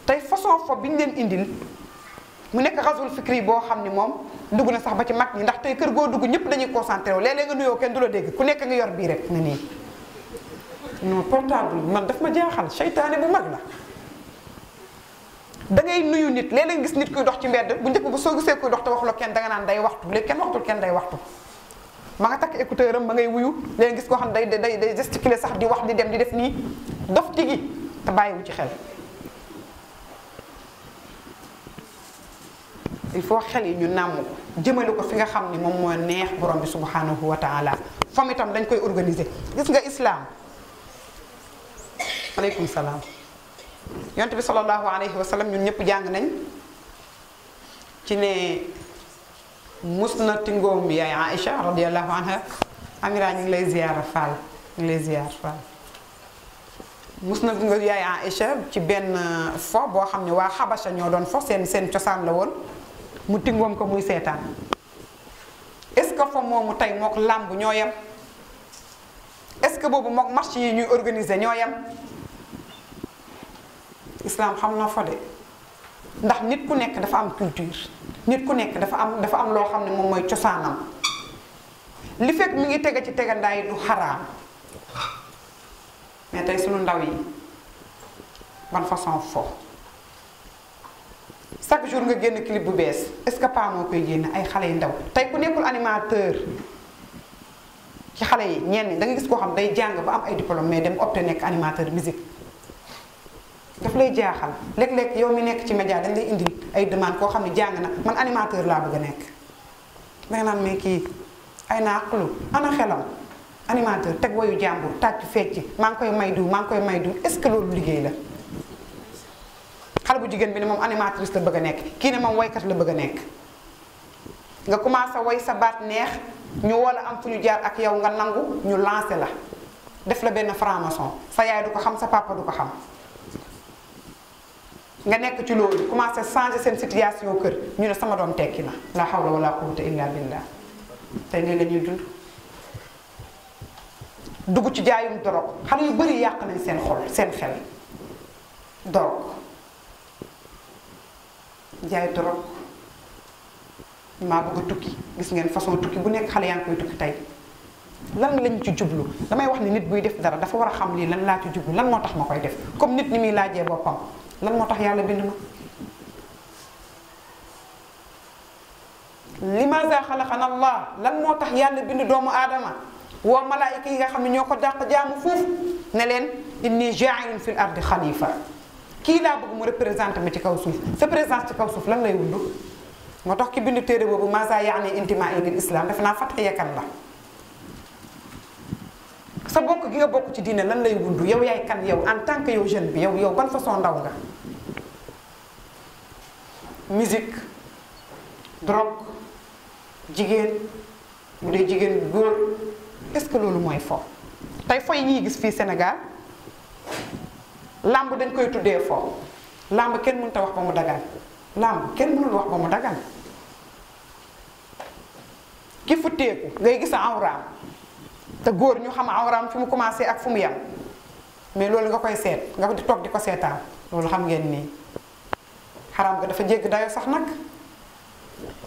tey façon fo bi ñu leen indil. mu nekk rasul fikri boo xam ni moom dugg na sax ba ci mag ñi ndax tey kër goo dugg ñëpp dañuy concentré wu léeg-léeg nga nuyoo kenn du ku nekk nga yor bii rek nga nii non portable man daf ma jaaxal seytaane bu mag la da ngay nuyu nit léeg-léeg gis nit kuy dox ci mbedd bu njëkk bu soo gisee kuy dox te la kenn danga naan day waxtu léegi kenn waxtul kenn day waxtu ma nga takk écouteur am ma ngay wuyu léegi gis koo xam day day day gesticuler sax di wax di dem di def nii dof tigi te bàyyiwu ci xel il faut xel yi ñu nàmm jëmale ko fi nga xam ni moom moo neex borom bi subhanahu wa taala fam itam dañ koy organiser gis nga islaam aleykum salaam yonte bi sallallahu alayhi wa sallam ñun ñëpp jàng nañ ci ne mus na tingoom yaay Aïcha radiallahu anha amira ñu ngi lay ziyaara Fall ñu ngi lay ziyaar Fall mus na nga yaay Aïcha ci benn fo boo xam ne waa xabasa ñoo doon fo seen seen cosaan la woon mu tingoom ko muy seetaan est-ce que fa moomu tey mook làmb ñoo yem est-ce que boobu mook marché yi ñuy organiser ñoo yem islam xam na fa de ndax nit ku nekk dafa am culture nit ku nekk dafa am dafa am loo xam ne moom mooy cosaanam li fekk mu ngi tege ci tegandaay du xaraam mais tey sunu ndaw yi ban façon fo chaque jour nga génn clip bu bees est-ce que pas moo koy génn ay xale yu ndaw tey ku nekkul animateur ci xale yi ñenn da nga gis koo xam day jàng ba am ay diplôme mais dem opté nekk animateur musique daf lay jaaxal léeg-léeg yow mi nekk ci média dañ lay indil ay demande koo xam ne jàng na man animateur laa bëgg a nekk danga naan mais kii ay naaqlu ana xelam animateur teg wayu jàmbur tàcc fecc maa ngi koy may diw maa ngi koy may diw est-ce que loolu liggéey la xale bu jigéen bi ne moom animatrice la bëgg a nekk kii ne moom waykat la bëgg a nekk nga commencé woy sa baat neex ñu wala am fu ñu jaar ak yow nga nangu ñu lancé la def la benn franc-maçon sa yaay du ko xam sa papa du ko xam nga nekk ci loolu commencé changé seen situation kër ñu ne sama doom tekki na la hawla wala quwwata illa billah tey lii la ñuy dund dugg ci jaayum dorog xale yu bari yàq nañ seen xol seen xel dorog jaay dorog maa bëgg a tukki gis ngeen façon tukki bu nekk xale yaa ngi koy tukki tey lan lañ ci jublu damay wax ni nit buy def dara dafa war a xam lii lan laa ci jublu lan moo tax ma koy def comme nit ni muy laajee boppam lan moo tax yàlla bind ma. limaza xalaqana allah lan moo tax yàlla bind doomu aadama woo malaayika yi nga xam ne ñoo ko dàq jaamu foofu ne leen inni jaa'ilun fil ardi xalifa kii laa bëgg mu représenté ma ci kaw suuf sa présence ci kaw suuf lan lay wund moo tax ki bindu téere boobu masa yaani intima indil islam def naa fàtte yekkal la sa bokk gi nga bokk ci diine lan lay wund yow yaay kan yow en tant que yow jeune bi yow yow ban façon ndaw nga musique drogue jigéen bu dee jigéen góor est-ce que loolu mooy fo tey fo yi ñuy gis fii Sénégal làmb dañ koy tuddee fo làmb kenn mënut a wax ba mu dagan làmb kenn mënul wax ba mu dagan ki futteeku ngay gis a awraam te góor ñu xam a awraam fi mu commencé ak fu mu yem mais loolu nga koy seet nga di toog di ko seetaan loolu xam ngeen nii xaram ga dafa jégg dayo sax nag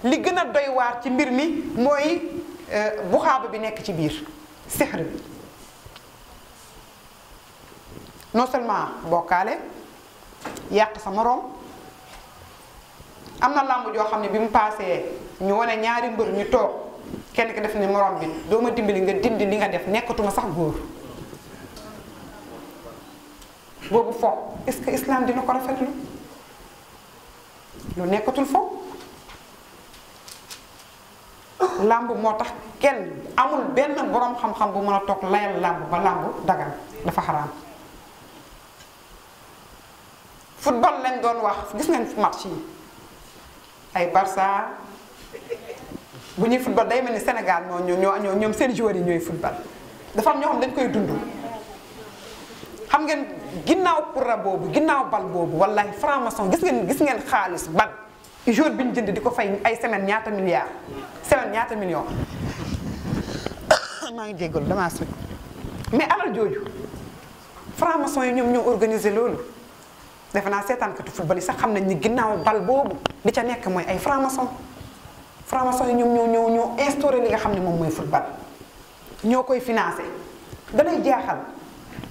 li gën a doy waar ci mbir mi mooy euh, buxaaba bi nekk ci biir sixr bi non seulement bokkaale yàq sa moroom am na làmb joo xam ne bi mu paasee ñu wane ñaari mbër ñu toog kenn ki def ne moroom bi doo ma dimbali nga dindi li nga def nekkatuma sax góor boobu fo est-ce que islam dina ko rafetlu lu nekkatul fo làmb moo tax kenn amul benn boroom xam-xam bu mën a toog layal làmb ba làmb dagan dafa xaraam football lañ doon wax gis ngeen match yi ay Barça bu ñuy football day mel ni Sénégal moo ñoo ñoo ñoom seen joueurs yi ñooy football dafa am ñoo xam dañ koy dund. xam ngeen ginnaaw kura boobu ginnaaw bal boobu wallahi franc-maçon gis ngeen gis ngeen xaalis bal jour bi ñu jënd di ko fay ay semaine ñaata milliards semaine ñaata millions maa ngi jéggalu damaa suy mais alal jooju franc-maçon yi ñoom ñoo organiser loolu. defe naa seetaankatu football yi sax xam nañ ni ginnaaw bal boobu li ca nekk mooy ay franc-maçon franc-maçon yi ñoom ñoo ñoo ñoo instauré li nga xam ne moom mooy football ñoo koy financé danay jaaxal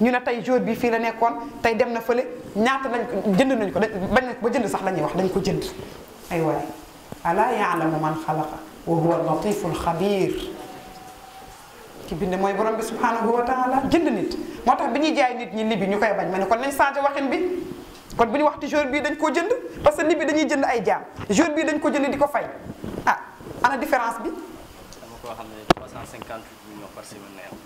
ñu ne tey jour bi fii la nekkoon tey dem na fële ñaata lañ ko jënd nañ ko bañ na ba jënd sax la ñuy wax dañ ko jënd ay waay alaa yaalamu man xalaqa wa huwa latiful xabiir ki bind mooy borom bi subhanahu wa taala jënd nit moo tax bi ñu jaay nit ñi libi ñu koy bañ ma ne kon nañ changé waxin bi kon bu ñu waxti joueur bii dañ koo jënd parce que nit bi dañuy jënd ay jaam joueur bii dañ ko jënd di ko fay ah ana différence bi. dama ko xam ne 358 millions par semaine lay am.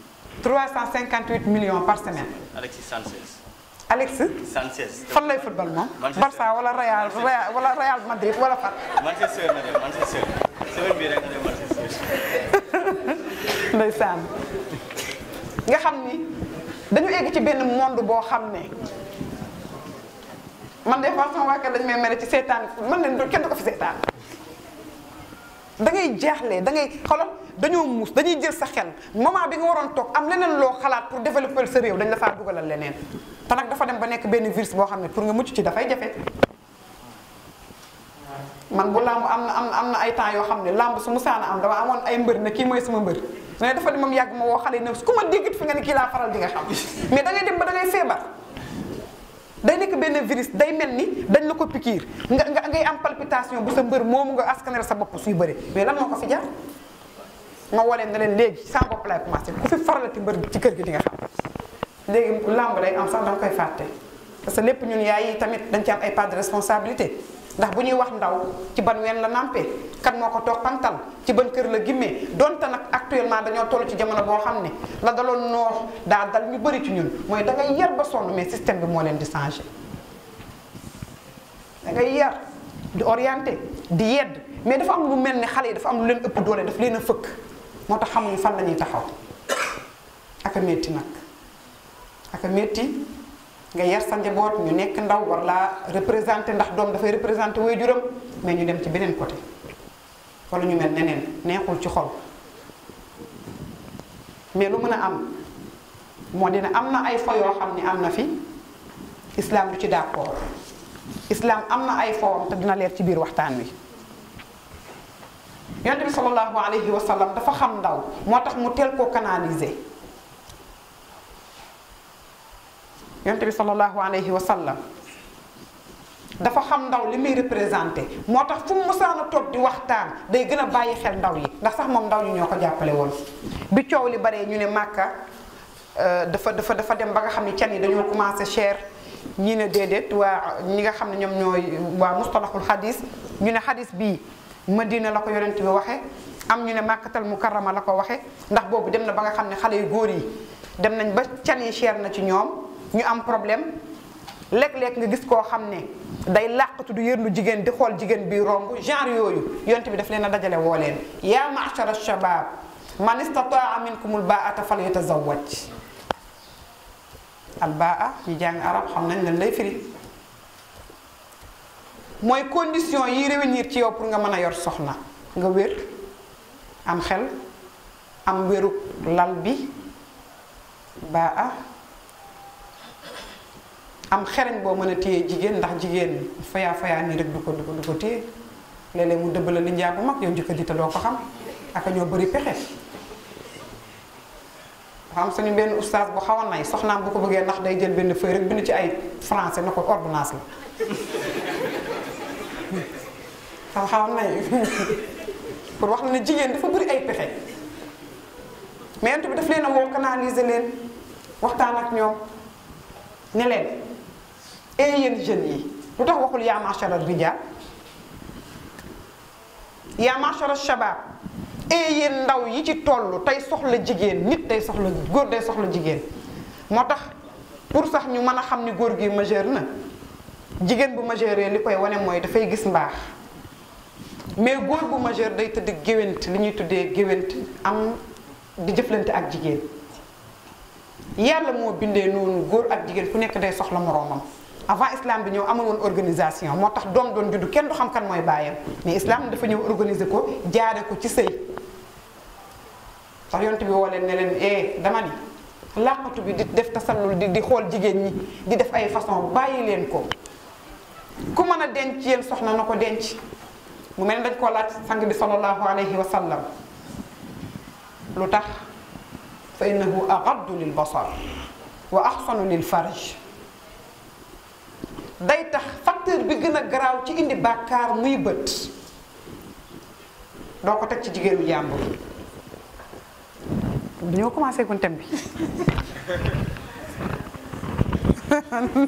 358 millions par semaine. Alexis Sanchez. Alexis Sanchez fan lay football moom. Barça wala Real wala Real Madrid wala fan. Manchester na dem Manchester semaine bii rek na dem Manchester. ndeysaan nga xam ni dañu egg ci benn monde boo xam ne. man de fois sama waa kër dañ may mere ci seetaan man leen du kenn du ko fi seetaan da ngay jaaxle dangay ngay xoolal dañoo muus dañuy jël sa xel moment bi nga waroon toog am leneen loo xalaat pour développer sa réew dañ la faa dugalal leneen te nag dafa dem ba nekk benn virus boo xam ne pour nga mucc ci dafay jafe. man bu làmb am na am ay temps yoo xam ne làmb su musaana am dama amoon ay mbër ne kii mooy sama mbër mais dafa di yàgg ma woo xale yi ne su ku ma fi nga ne kii laa faral di nga da dem ba da ngay day nekk benn virus day mel ni dañ la ko pikiir nga nga ngay am palpitation bu sa mbër moom nga askanal sa bopp suy bëri mais lan moo ko fi jar ma waleen na leen léegi sans bopp laay commencé ku fi faralati mbër ci kër gi di nga xam léegi làmb lay am sax danga koy fàtte parce que lépp ñun yaay yi tamit dañ ci am ay part de responsabilité ndax bu ñuy wax ndaw ci ban ween la nàmpe kan moo ko toog pantal ci ban kër la gimmee donte nag actuellement dañoo toll ci jamono boo xam ne la daloon noox daa dal ñu bari ci ñun mooy da ngay yar ba sonn mais système bi moo leen di changé da yar di orienté di yedd mais dafa am lu mel ni xale yi dafa am lu leen ëpp doole daf leen a fëkk moo tax xamuñu fan la ñuy taxaw ak a métti nag ak a nga yar sa njaboot ñu nekk ndaw war laa représenté ndax doom dafay représenté way juram mais ñu dem ci beneen côté wala ñu mel neneen neexul ci xol mais lu mën a am moo dina am na ay fo yoo xam ni am na fi islam du ci d'accord islam am na ay foom te dina leer ci biir waxtaan wi yonent bi sallallahu alayhi wa sallam dafa xam ndaw moo tax mu teel koo canaliser yonent bi sallallahu alayhi wa sallam dafa xam ndaw li muy représenté moo tax fu mu musaana toog di waxtaan day gën a bàyyi xel ndaw yi ndax sax moom ndaw ñi ñoo ko jàppale woon bi coow li baree ñu ne màkka euh, dafa dafa dafa dem ba nga xam ne can yi dañoo commencé chair ñi ne déedéet waa ñi nga xam ne ñoom ñooy waa mustalaxul xadiis ñu ne xadis bii Madina la ko yonent bi waxe am ñu ne màkkatal mukarrama la ko waxe ndax boobu dem na ba nga xam ne xale yu góor yi dem nañ ba can yi cher na ci ñoom ñu am problème lekk lekk nga gis koo xam ne day làqatu du yërnu jigéen di xool jigéen bi romb genre yooyu yonte bi daf leen a dajale woo leen yaa ma'shara shabab man istataa minkumul baata falyatazawwaj al baa ñu jàng arab xam nañ leen lay firi mooy condition yi réunir ci yow pour nga mën a yor soxna nga wér am xel am wéru lal bi baa am xereñ boo mën a téye jigéen ndax jigéen fayaa fayaa nii rek du ko du ko du ko téye léeg mu dëbb la li njaa bu mag yow jëkkër ji te doo ko xam ak ñoo bëri pexe xam suñu benn oustaz bu xaw a nay soxnaam ko bëggee ndax day jël benn feuille rek ci ay français na ko ordonnance la pour wax ne jigéen dafa pexe mais bi daf a woo canaliser waxtaan ak ñoom ne leen ee yéen yi lu tax waxul yaa machara rijal yaa machara shabab ee eh, yéen ndaw yi ci toll tey soxla jigéen nit day soxla góor day soxla jigéen moo tax pour sax ñu mën a xam ni góor gi majeur na jigéen bu majeuree li koy wane mooy dafay gis mbaax mais góor bu majeur day tëdd géwént li ñuy tuddee géwént am di jëflante ak jigéen yàlla moo bindee noonu góor ak jigéen ku nekk day soxla moroomam avant islam bi ñëw amul woon organisation moo tax doom doon juddu kenn du xam kan mooy baayam mais islam dafa ñëw organiser ko jaare ko ci sëy sax yonent bi woo leen ne leen eh dama ni làqatu bi di def tasallul di di xool jigéen ñi di def ay façon bàyyi leen ko ku mën a denc yéen soxna na ko denc mu mel ne dañ koo laaj sang bi sallallahu alayhi wa sallam lu tax fa innahu agaddu lil basar wa axsanu lil farj day tax facteur bi gën a garaaw ci indi bàkkaar muy bët doo ko teg ci jigéenu jàmbur ñoo commencé gun tem bi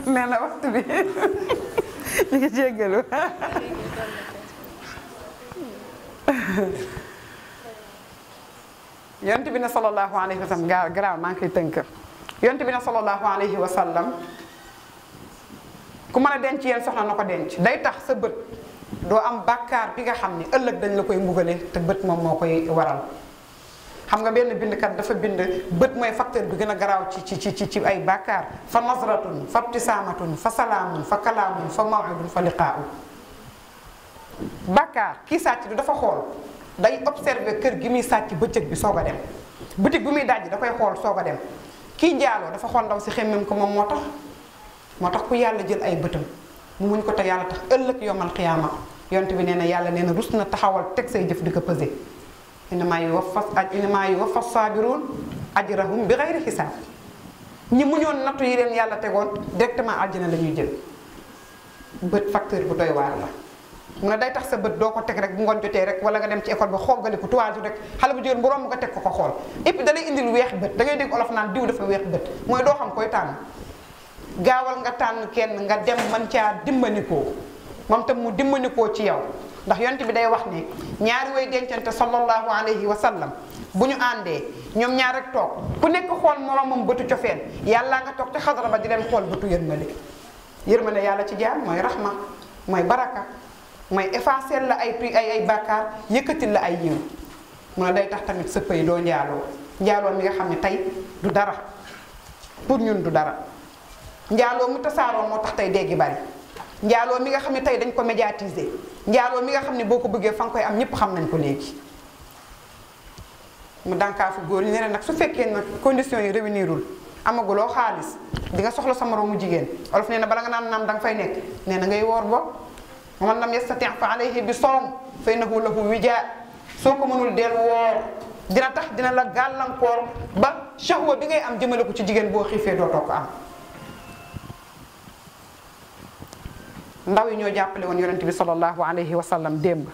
nee na waxtu bi ñu jéggalu yonent bi na sallallahu alayhi wa sallam garaaw maa ngi koy tënk yonent bi na sallallahu alayhi wa sallam ku mën a denc yéen soxna na ko denc day tax sa bët doo am bàkkaar bi nga xam ne ëllëg dañ la koy mbugale te bët moom moo koy waral xam nga benn bindkat dafa bind bët mooy facteur bi gën a garaaw ci ci ci ci ay bàkkaar fa nasratun fa ibtisaamatun fa salaamun fa kalaamun fa mawidun fa liqaa'u bàkkaar kii sàcc du dafa xool day observé kër gi muy sàcc bëccëg bi soog a dem boutique bi muy dajji da koy xool soog a dem kii njaaloo dafa xool ndaw si xemmem ko moom moo tax moo tax ku yàlla jël ay bëtam mu muñ ko te yàlla tax ëllëg yomal xiyaama yonte bi nee na yàlla nee na rus na taxawal teg say jëf di ko pëse inamaa yuwaffa inamaa yuwaffa saabiruun ajrahum bi xayri xisaab ñi muñoon nattu yi leen yàlla tegoon directement àjjana la ñuy jël bët facteur bu doy waar la mu ne day tax sa bët doo ko teg rek bu ngoon jotee rek wala nga dem ci école ba xoogaliku tuwaaju rek xale bu jigéen bu romb nga teg ko ko xool et puis da lay indil bët da ngay dégg naan diw dafa weex bët mooy xam koy tànn gaawal nga tànn kenn nga dem man caa dimbanikoo moom tam mu dimbanikoo ci yow ndax yonent bi day wax ni ñaari woy dencante sallallahu alayhi wa sallam bu ñu àndee ñoom ñaar rek toog ku nekk xool moromam bëtu cofeen yàlla nga toog ci xadara ba di leen xool bëtu yërmande yërmande yàlla ci jaar mooy rahma mooy baraka mooy effacer la ay ay ay bàkkaar yëkkatil la ay yiw mu ne day tax tamit sa pëy doo njaaloo njaaloo mi nga xam ne tey du dara pour ñun du dara njaaloo mu tasaaroo moo tax tey déggi bari njaaloo mi nga xam ne tey dañ ko médiatiser njaaloo mi nga xam ne boo ko bëggee fa nga koy am ñëpp xam nañ ko léegi mu dànkaafu góor ñi ne nag su fekkee nag conditions yi réunirul amaguloo xaalis di nga soxla sa moroomu jigéen olof nee na bala nga naan naam danga fay nekk nee na ngay woor ba man lam yastati' fa alayhi bi soom fa innahu lahu wijaa soo ko mënul deel woor dina tax dina la gàllankoor ba shahwa bi ngay am jëmale ko ci jigéen boo xiifee dootoo ndaw yi ñoo jàppale woon yonent bi sallallahu alayhi wa sallam démb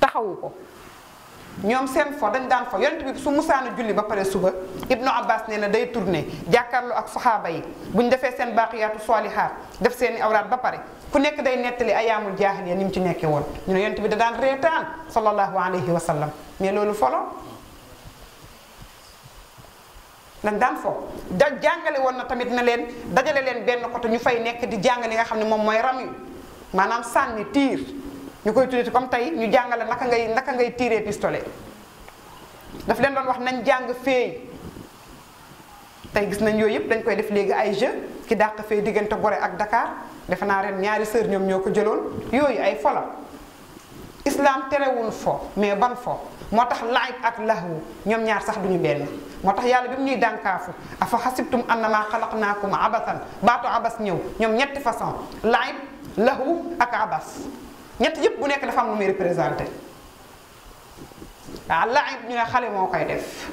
taxawu ko ñoom seen foo dañ daan fo yonent bi su musaana julli ba pare suba ibnu abbas nee na day tourné jàkkaarloo ak saxaaba yi bu ñu defee seen baaqiyaatu solihaat def seeni awraat ba pare ku nekk day nettali ayaamul jaahiliya ni mu ci nekkee woon ñu ne yonent bi da daan reetaan sallallahu alayhi wa sallam mais loolu folo lañ daan fo da jàngale woon na tamit na leen dajale leen benn côté ñu fay nekk di jàngale nga xam ne moom mooy ram maanaam sànni tiir ñu koy tuddee comme tey ñu jàngale naka ngay naka ngay tiire pistolet daf leen doon wax nañ jàng feey tey gis nañ yooyu yëpp dañ koy def léegi ay jeu ki dàq fee diggante Gorée ak Dakar defe naa ren ñaari sœur ñoom ñoo ko jëloon yooyu ay fola islam terewul fo mais ban fo moo tax laib ak lahwu ñoom ñaar sax duñu benn moo tax yàlla bi mu ñuy dànkaafu afa xasibtum annama xalaqnaakum abasan baatu abas ñëw ñoom ñetti façon laib lahwu ak abas ñetti yépp bu nekk dafa am lu muy représenté ah laib ñu ne xale moo koy def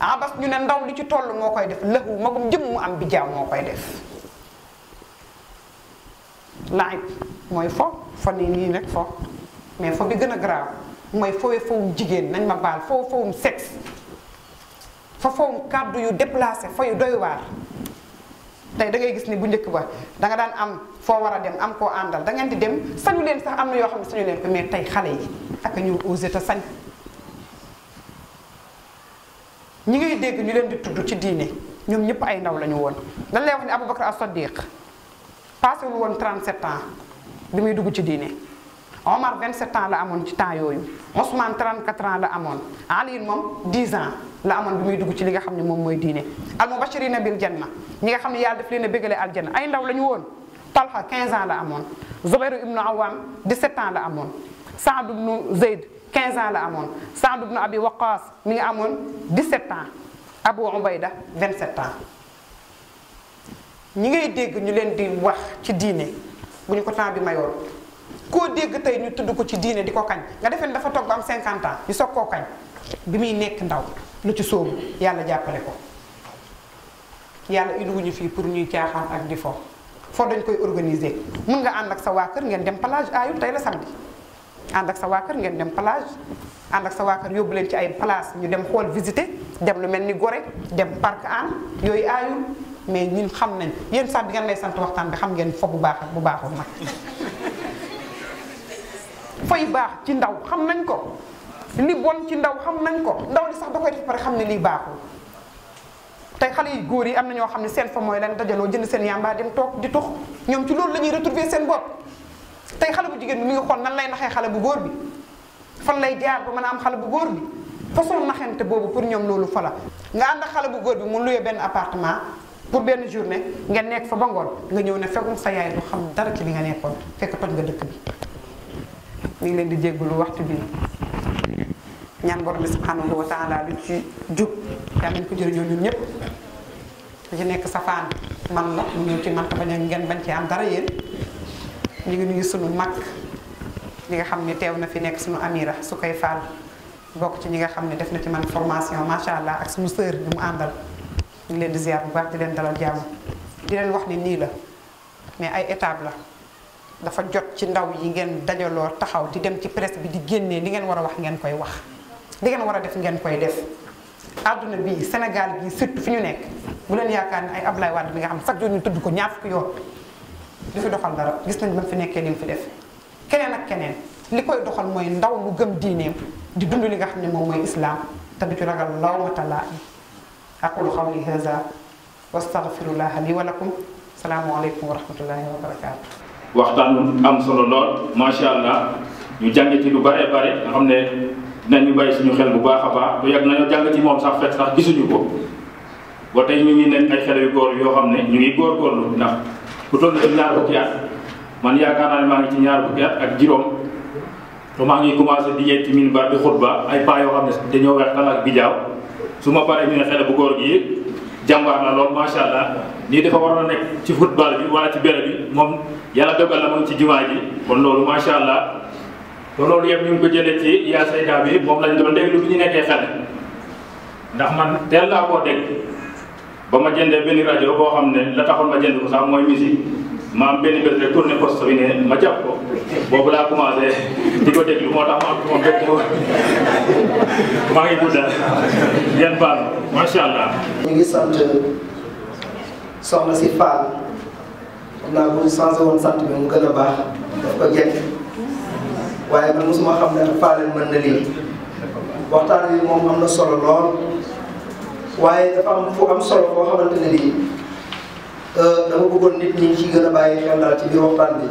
abas ñu ne ndaw li ci toll moo koy def lahwu magum jëm mu am bijaaw moo koy def laib mooy fo fo nii nii rek fo mais fo bi gën a garaaw mooy fowee fowum jigéen nañ ma baal foofu fowum sexe fa kàddu yu déplacé fa yu doy waar tey da ngay gis ni bu njëkk ba da nga daan am foo war a dem am ko àndal da ngeen di dem sañu leen sax am na yoo xam ne sañu leen ko mais tey xale yi ak ñu ose te sañ ñi ngay dégg ñu leen di tudd ci diine ñoom ñëpp ay ndaw lañu woon dañ lay wax ni Aboubacar as-Siddiq passé wul woon 37 ans bi muy dugg ci diine Omar 27 ans la amoon ci temps yooyu Ousmane 34 ans la amoon Ali moom 10 ans la amoon bi muy dugg ci li nga xam ne moom mooy diine al mubashirina bil janna ñi nga xam ne yàlla daf leen a bégale aljanna ay ndaw la ñu woon Talha 15 ans la amoon Zubairu ibnu Awam 17 ans la amoon Saad ibnu Zeyd 15 ans la amoon Saad ibnu Abi Waqas mi ngi amoon 17 ans Abu Ubayda 27 ans ñi ngay dégg ñu leen di wax ci diine bu ñu ko temps bi may mayoon koo dégg tey ñu tudd ko ci diine di ko kañ nga defee ne dafa toog ba am 50 ans ñu soog koo kañ bi muy nekk ndaw lu ci sóobu yàlla jàppale ko yàlla indiwuñu fii pour ñuy caaxaan ak di fo foo dañ koy organiser mun nga ànd ak sa waa kër ngeen dem plage ayul tey la samedi ànd ak sa waa kër ngeen dem plage ànd ak sa waa kër yóbbu leen ci ay place ñu dem xool visiter dem lu mel ni Gorée dem parc an yooyu aayul mais ñun xam nañ yéen sax bi ngeen lay sant waxtaan bi xam ngeen bu baax bu baaxul nag fay baax ci ndaw xam nañ ko ni bon ci ndaw xam nañ ko ndaw di sax da koy def pare xam ne lii baaxul tey xale yu góor yi am na ñoo xam ne seen fa mooy lan dajaloo jënd seen yàmbaa dem toog di tux ñoom ci loolu la ñuy retrouver seen bopp tey xale bu jigéen bi mu ngi xool nan lay naxee xale bu góor bi fan lay jaar ba mën a am xale bu góor bi façon naxante boobu pour ñoom loolu fa la nga ànd ak xale bu góor bi mu luye benn appartement pour benn journée ngeen nekk fa ba ngoon nga ñëw ne fekkum sa yaay du xam dara ci li nga nekkoon fekk toj nga dëkk bi ñu ngi leen di jéggalu waxtu bi ñaan borom bi subhanahu wa taala lu ci jub yàlla nañ ko jëriñoo ñun ñëpp ku ci nekk safaan man la mu ñëw ci man bañ a ngeen bañ ci am dara yéen ñu ngi nuyu sunu mag ñi nga xam ni teew na fi nekk sunu amira su koy faal bokk ci ñi nga xam ne def na ci man formation macha allah ak sunu sœur bi mu àndal ñu ngi leen di ziar bu baax di leen dalal jàmm di leen wax ni nii la mais ay étape la dafa jot ci ndaw yi ngeen dajaloo taxaw di dem ci presse bi di génnee li ngeen war a wax ngeen koy wax li ngeen war a def ngeen koy def àdduna bi senegal bi surtout fi ñu nekk bu leen yaakaar ne ay Ablaye Wade bi nga xam chaque jour ñu tudd ko ñaar fukki yoon li fi doxal dara gis nañ ba fi nekkee li mu fi def keneen ak keneen li koy doxal mooy ndaw lu gëm diineem di dund li nga xam ne moom mooy islaam te du ci ragal lawmata laa'i aqulu qawli haza wa astaghfirullaha li wa lakum salaamu wa rahmatullahi wa waxtaan am solo lool macha allah ñu jàng ci lu bare bare nga xam ne dinañu bàyyi suñu xel bu baax a baax lu yàgg nañoo jàng ci moom sax fekk sax gisuñu ko ba tey ñu ngi nekk ay xale yu góor yoo ne ñu ngi góorgóorlu ndax ku toll ci ñaar fukki at man yaakaar naa ne maa ngi ci ñaar fukki at ak juróom te maa ngi commencé di yegg ci minbar di xutba ay paa yoo xam ne dañoo weex tal ak bijaaw su ma paree ñu ne xale bu góor gi jàmbaar la lool macha allah lii dafa waroon a nekk ci football bi wala ci bere bi moom yàlla dogal na moom ci jumaa ji kon loolu macha allah kon loolu yëpp ñu ngi ci yaa sayda bi moom lañ doon déglu bi ñu nekkee xale ndax man teel laa koo dégg ba ma jëndee benn rajo boo xam ne la taxoon ma jënd ko sax mooy musique ma am benn bés rek tourné ma jàpp ko boobu laa commencé di ko déglu moo tax ma ma bépp maa ngi guddal yan baal macha allah. ñu ngi sant soxna si Fall. xam naa bu ñu changé woon sant bi mu gën a baax daf ko jekk waaye man mosuma xam ne Fallène mën na lii waxtaan wi moom am na solo lool waaye dafa am fu am solo boo xamante ne nii euh, dama bëggoon nit ñi ci gën a bàyyi xel daal ci biir waxtaan bi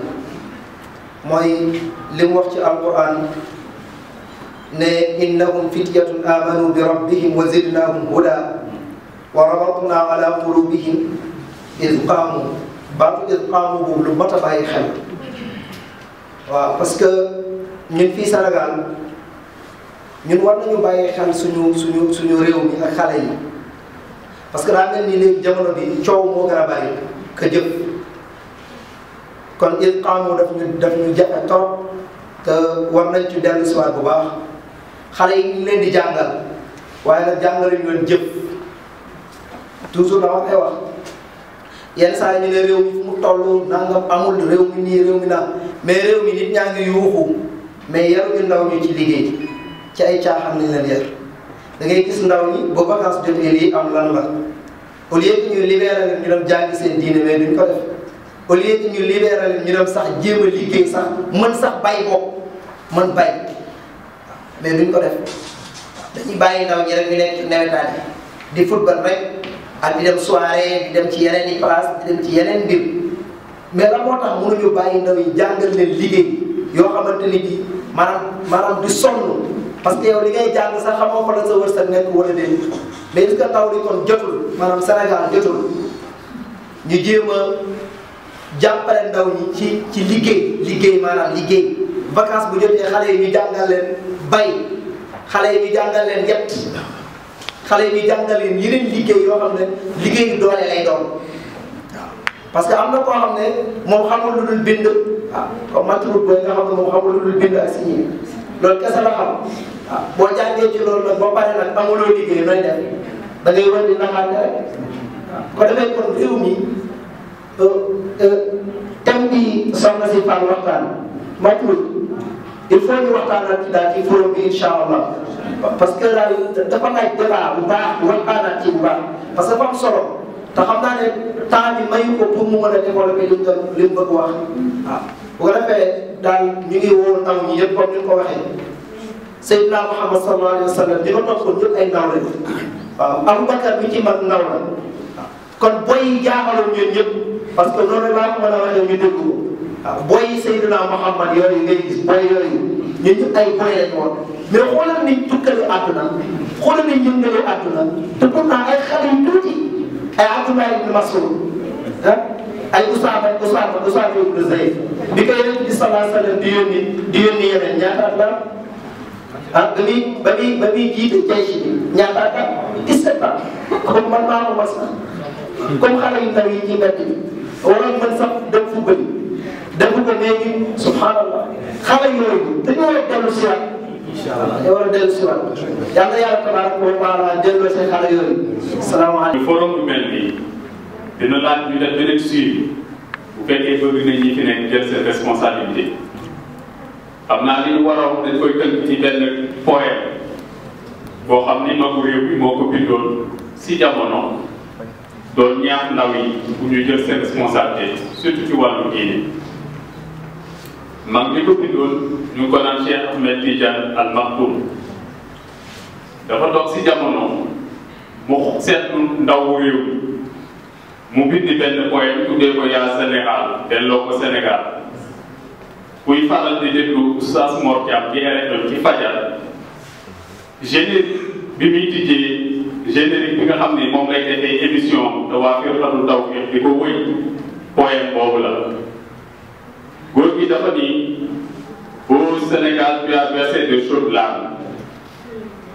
mooy li mu wax ci alquran ne innahum fityatun amanu bi rabbihim wa zidnahum huda wa rabatna ala qulubihim iz qaamu baatu iqaamu boobu lu mat a bàyyi xel waaw parce que ñun fii Sénégal ñun war nañu bàyyi xel suñu suñu suñu réew mi xale yi parce que daa mel ni léegi jamono bi coow moo gën a bàyyi ka jëf kon iqaamu daf ñu daf ñu jafe trop te war nañ ci dellu bu baax xale yi ñu leen di jàngal waaye nag jàngale ñu leen jëf toujours dama wax. yenn saa yi ñu réew mi fu mu toll nangam amul réew mi nii réew mi naan mais réew mi nit ñaa ngi yuuxu mais yaruñu ndaw ñi ci liggéey ci ay caaxaan lañ leen yar da ngay gis ndaw ñi ba vacance jotee lii am lan la au lieu ñu libéré leen ñu dem jàngi seen diine mais duñ ko def au lieu ñu libéré leen ñu dem sax jéem a liggéey sax mën sax bay bopp mën bay mais duñ ko def dañuy bàyyi ndaw ñi rek ñu nekk nawetaan di football rek. ak di dem soirée dem ci yeneen i place dem ci yeneen mbir mais la moo tax mënuñu bàyyi ndaw yi jàngal leen liggéey yoo xamante ni bii maanaam maanaam du sonn parce que yow li ngay jàng sax xamoo fa la sa wërsëg nekk wala déet mais est-ce que taw li kon jotul maanaam Sénégal jotul ñu jéem a jàppale ndaw ñi ci ci liggéey liggéey maanaam liggéey vacances bu jotee xale yi ñu jàngal leen bay xale yi ñu jàngal leen yett xale bi jàngaleen yeneen liggéey yoo xam ne liggéeyu doole lay doon waaw parce que am na koo xam ne moom xam lu dul bind ah comme maturut booy nga xam ne moom xamul lu dul bind ak signé loolu kese la xam waaw boo jàngee ci loolu nag ba pare nag amuloo liggéey nooy def da ngay war di naxaate rek waaw ko defee kon réew mi euh, euh, thème bi soxna si fan waxtaan maturut il faut ñu waxtaan ak daal ci forum bi incha allah parce que dafa laaj débat bu baax waxtaanaat ci bu baax parce que dafa am solo te xam naa mayu ko pour mu mën a développer li mu li mu wax waaw ah, bu daal ñu ngi woo ndaw ñi yëpp comme ni nga ko waxee Seydina Muhammad sallallahu alayhi wa sallam ñi ma toppoon ñëpp ay ndaw lañu waaw Aboubacar mi ci mag ndaw la ah, kon booy jaaxaloon ñun ñëpp parce que noonu laa ko mën a waxee ñu dégg ko waaw booy Seydina Muhammad yooyu ngay gis booy yooyu ñu ñëpp ay booy lañ woon mais xoolal ni tukkali àdduna xoolal ni yëngali àdduna te xale yu tuuti ay Abdoulaye ibn Mas'ud ah ay Usaama Usaama Usaama ibn Zayd bi ko Yonent bi sallallahu alayhi wa sallam di yónni di yónni yeneen la ah ba muy ba muy ba muy jiite jeex yi ñaata at man maa ko mas xale yu ndaw ci mbedd bi waroon mën sax dem fu defu ko léegi subhanallah xale yooyu dañoo war a si waat. incha allah dañoo war si waat. yal na yàlla tabaaraka wa taala delloo seen xale yooyu. salaamaaleykum. forum bu mel nii dina laaj ñu def beneen suivi bu fekkee bëgg nañ nekk jël seen responsabilité xam naa li ñu waroon dañ koy tënk ni magu réew mi moo ko bindoon si jamono doon ñaax ndaw yi bu ñu jël seen responsabilité surtout ci mag mi ko bindoon ñu ngi ko naan Cheikh Ahmed Tidiane Al Maktoum dafa toog si jamono mu seetlu ndaw réew mu bind benn poème tuddee ko yaa Sénégal delloo ko Sénégal kuy faral di déglu Oustaz Mor Thiam ci RFM ci fajar générique bi muy tijjee générique bi nga xam ne moom lay defee émission te waa Firqatu Tawfiq di ko wëy poème boobu la góor gi dafa ni au Sénégal tu as versé de chaudes larmes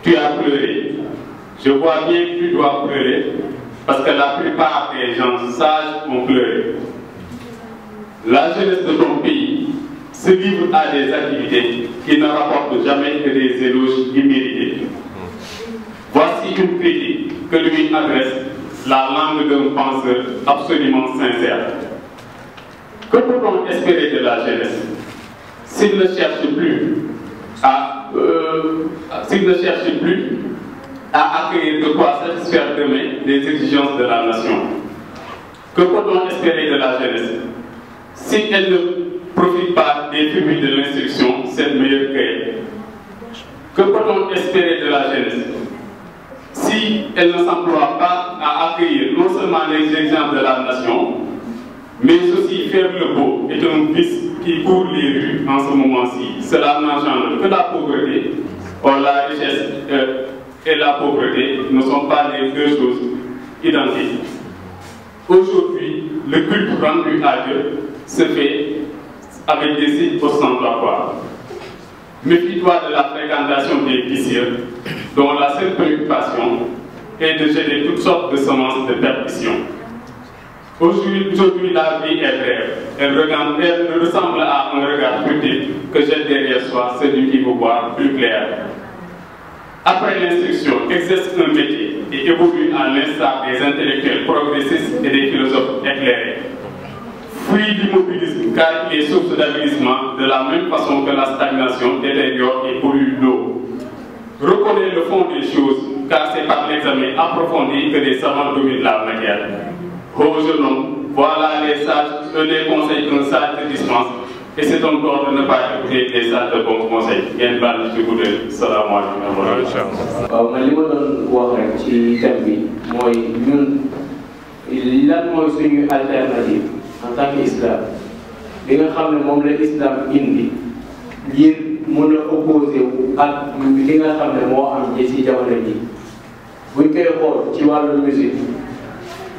tu as pleuré je vois bien que tu dois pleurer la plupart des gens sages ont pleuré la jeunesse de ton pays se livre à des activités qui ne rapportent jamais que des éloges immérités voici une critique que lui adresse la langue d'un penseur absolument sincère Que peut-on espérer de la jeunesse s'il ne cherche plus à euh, accueillir de quoi satisfaire demain les exigences de la nation Que peut-on espérer de la jeunesse si elle ne profite pas des fruits de l'instruction, c'est meilleure qu'elle Que peut espérer de la jeunesse si elle ne s'emploie pas à accueillir non seulement les exigences de la nation, mais aussi faire le beau est un vice qui court les rues en ce moment-ci. Cela n'engendre que la pauvreté. Or, la richesse euh, la pauvreté ne sont pas les deux identiques. Aujourd'hui, le culte rendu à Dieu se fait avec des signes ostentatoires. Méfie-toi de la fréquentation des vicieux, dont la seule préoccupation est de gérer toutes sortes de semences de perdition. Aujourd'hui, aujourd'hui, la vie est brève. Elle, regarde, elle ressemble à un regard furtif que jette derrière soi celui qui veut voir plus clair. Après l'instruction, exerce un métier et évolue à l'instar des intellectuels progressistes et des philosophes éclairés. Fuit l'immobilisme car il est source d'avilissement de la même façon que la stagnation détériore et pollue l'eau. Reconnaît le fond des choses car c'est par l'examen approfondi que les savants dominent Pauvre jeune homme, voilà les, sages, euh, les conseils qu'un sage te dispense. Et c'est ton ne pas écouter les sages de bons conseils. ngeen baal ñu ci guddee salaamaaleykum wa rahmatulah. waaw man li ma doon wax rek ci thème bi mooy ñun lan mooy islam li nga xam ne moom la islam indi ngir mën a opposé wu ak li nga xam ne moo am ci jamono ji buñ koy xool ci wàllu musique.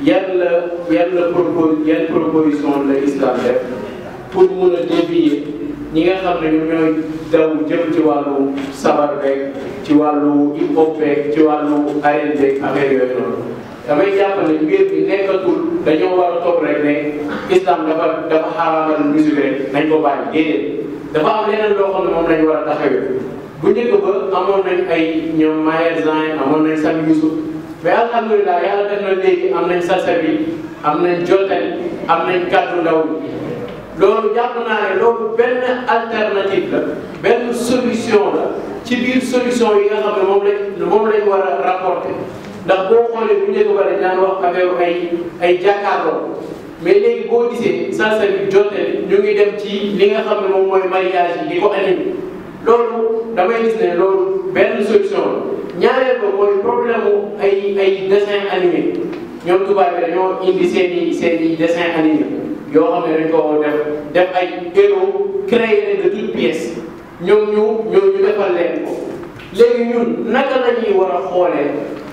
yan la yan la propos yan proposition la islam def pour mun a dévier ñi nga xam ne ñoom ñooy daw jëm ci wàllu sabar beeg ci wàllu hip hop beeg ci wàllu arène beeg affaire yooyu noonu damay jàpp ne mbir bi nekkatul dañoo war a topp rek ne islam dafa dafa xaraamal musique rek nañ ko bàyyi déedéet dafa am leneen loo xam ne moom lañ war a taxawee bu njëkk ba amoon nañ ay ñoom Maher Zain amoon nañ Sami Yusuf mais alhamdulilah yàlla def na léegi am nañ sasar am nañ jottali am nañ kàddu ndaw loolu jàpp naa ne loolu benn alternative la benn solution la ci biir solution yi nga xam ne moom lañ moom lañ war a rapporter ndax boo xoolee bu njëkk ba dañ daan wax affaire ay ay jàkkaarloo mais léegi boo gisee sasar yi jottali ñu ngi dem ci li nga xam ne moom mooy mariage yi di ko animé loolu damay gis ne loolu benn solution la. ñaareel ko mooy problème mu ay ay dessin animé ñoom tubaab bi dañoo indi seen i seen i dessin animé yoo xam ne dañ ko def def ay héros créé leen de toutes pièces ñoom ñu ñoom ñu defal leen ko léegi ñun naka la war a xoolee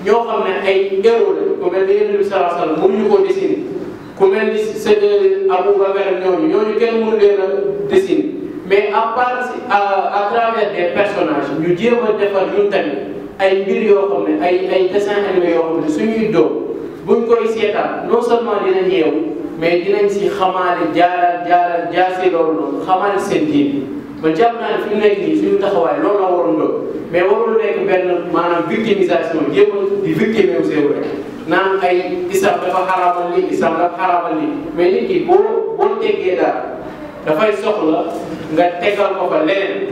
ñoo xam ne ay héros la ku mel ni Yonent bi sallallahu alayhi wasallam mënuñu ko dessiner ku mel ni sëñ Abou Bakar ñooñu ñooñu kenn mënu leen a mais à part à à travers des ñu jéem a defar ñun tamit. ay mbir yoo xam ne ay ay dessin animé yoo xam ne suñuy doom buñ koy seetaan non seulement dinañ yeew mais dinañ si xamaale jaaral jaaral jaase loolu noonu xamaale seen diine man jàpp naa ne fi mu nekk nii suñu taxawaay loolu la waroon doon mais warul nekk benn maanaam victimisation jéem a di victime wu seewu naan ay islam dafa xaraamal li islam dafa xaraamal li mais nit ki boo boo teggee daal dafay soxla nga tegal ko fa leneen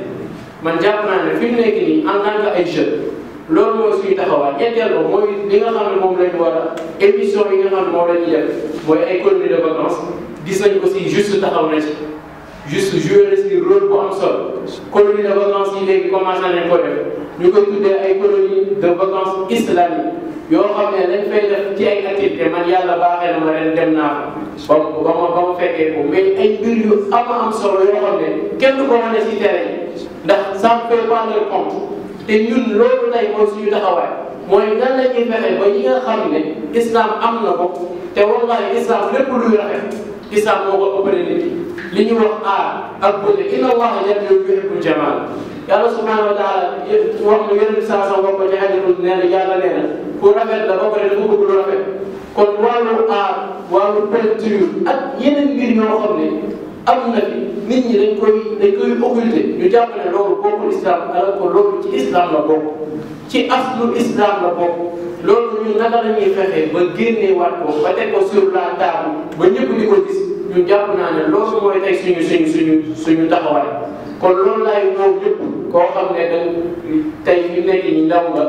man jàpp naa ne fi mu nekk nii en lool mooy suñu taxawaay ñetteel ba mooy li nga xam ne moom lañ war a émission yi nga xam ne moom la ñuy def mooy ay colonie de nañ ko si juste taxaw na ci juste joué na si rôle bu am solo colonie de vacances yi léegi commencé nañ ko def ñu koy tuddee ay colonie de vacances islamique yoo xam ne lañ fay def ci ay man yàlla baaxee na ma ren dem naa fa ba ba ma ba ko mais ay mbir yu am am solo yoo xam ne kenn ko wane si terrain ndax ça fait pas te ñun loolu tey mooy suñu taxawaay mooy nan la ñuy fexe ba ñi xam ne islam am na ko te wallahi islam lépp luy rafet islam moo ko ëppale li ñu wax aar ak bële inna allaha yuhibbul jamal yàlla subhanahu wa taala wax na yeneen saa sa wax ko ci xadisul ne na yàlla nee na ku rafet la ba pare dafa bëgg lu rafet kon wàllu aar wàllu peinture ak yeneen mbir yoo xam ne am na fi nit ñi dañ koy dañ koy occulté ñu jàpp ne loolu bokku islam alors que loolu ci islam la bokk ci aslu islam la bokk loolu ñu naka la ñuy fexee ba génneewaat ko ba teg ko sur la table ba ñëpp di ko gis ñu jàpp naa ne loolu mooy tey suñu suñu suñu suñu taxawaay kon loolu laay woo ñëpp koo xam ne dañ tey ñu nekk ñu ndaw nga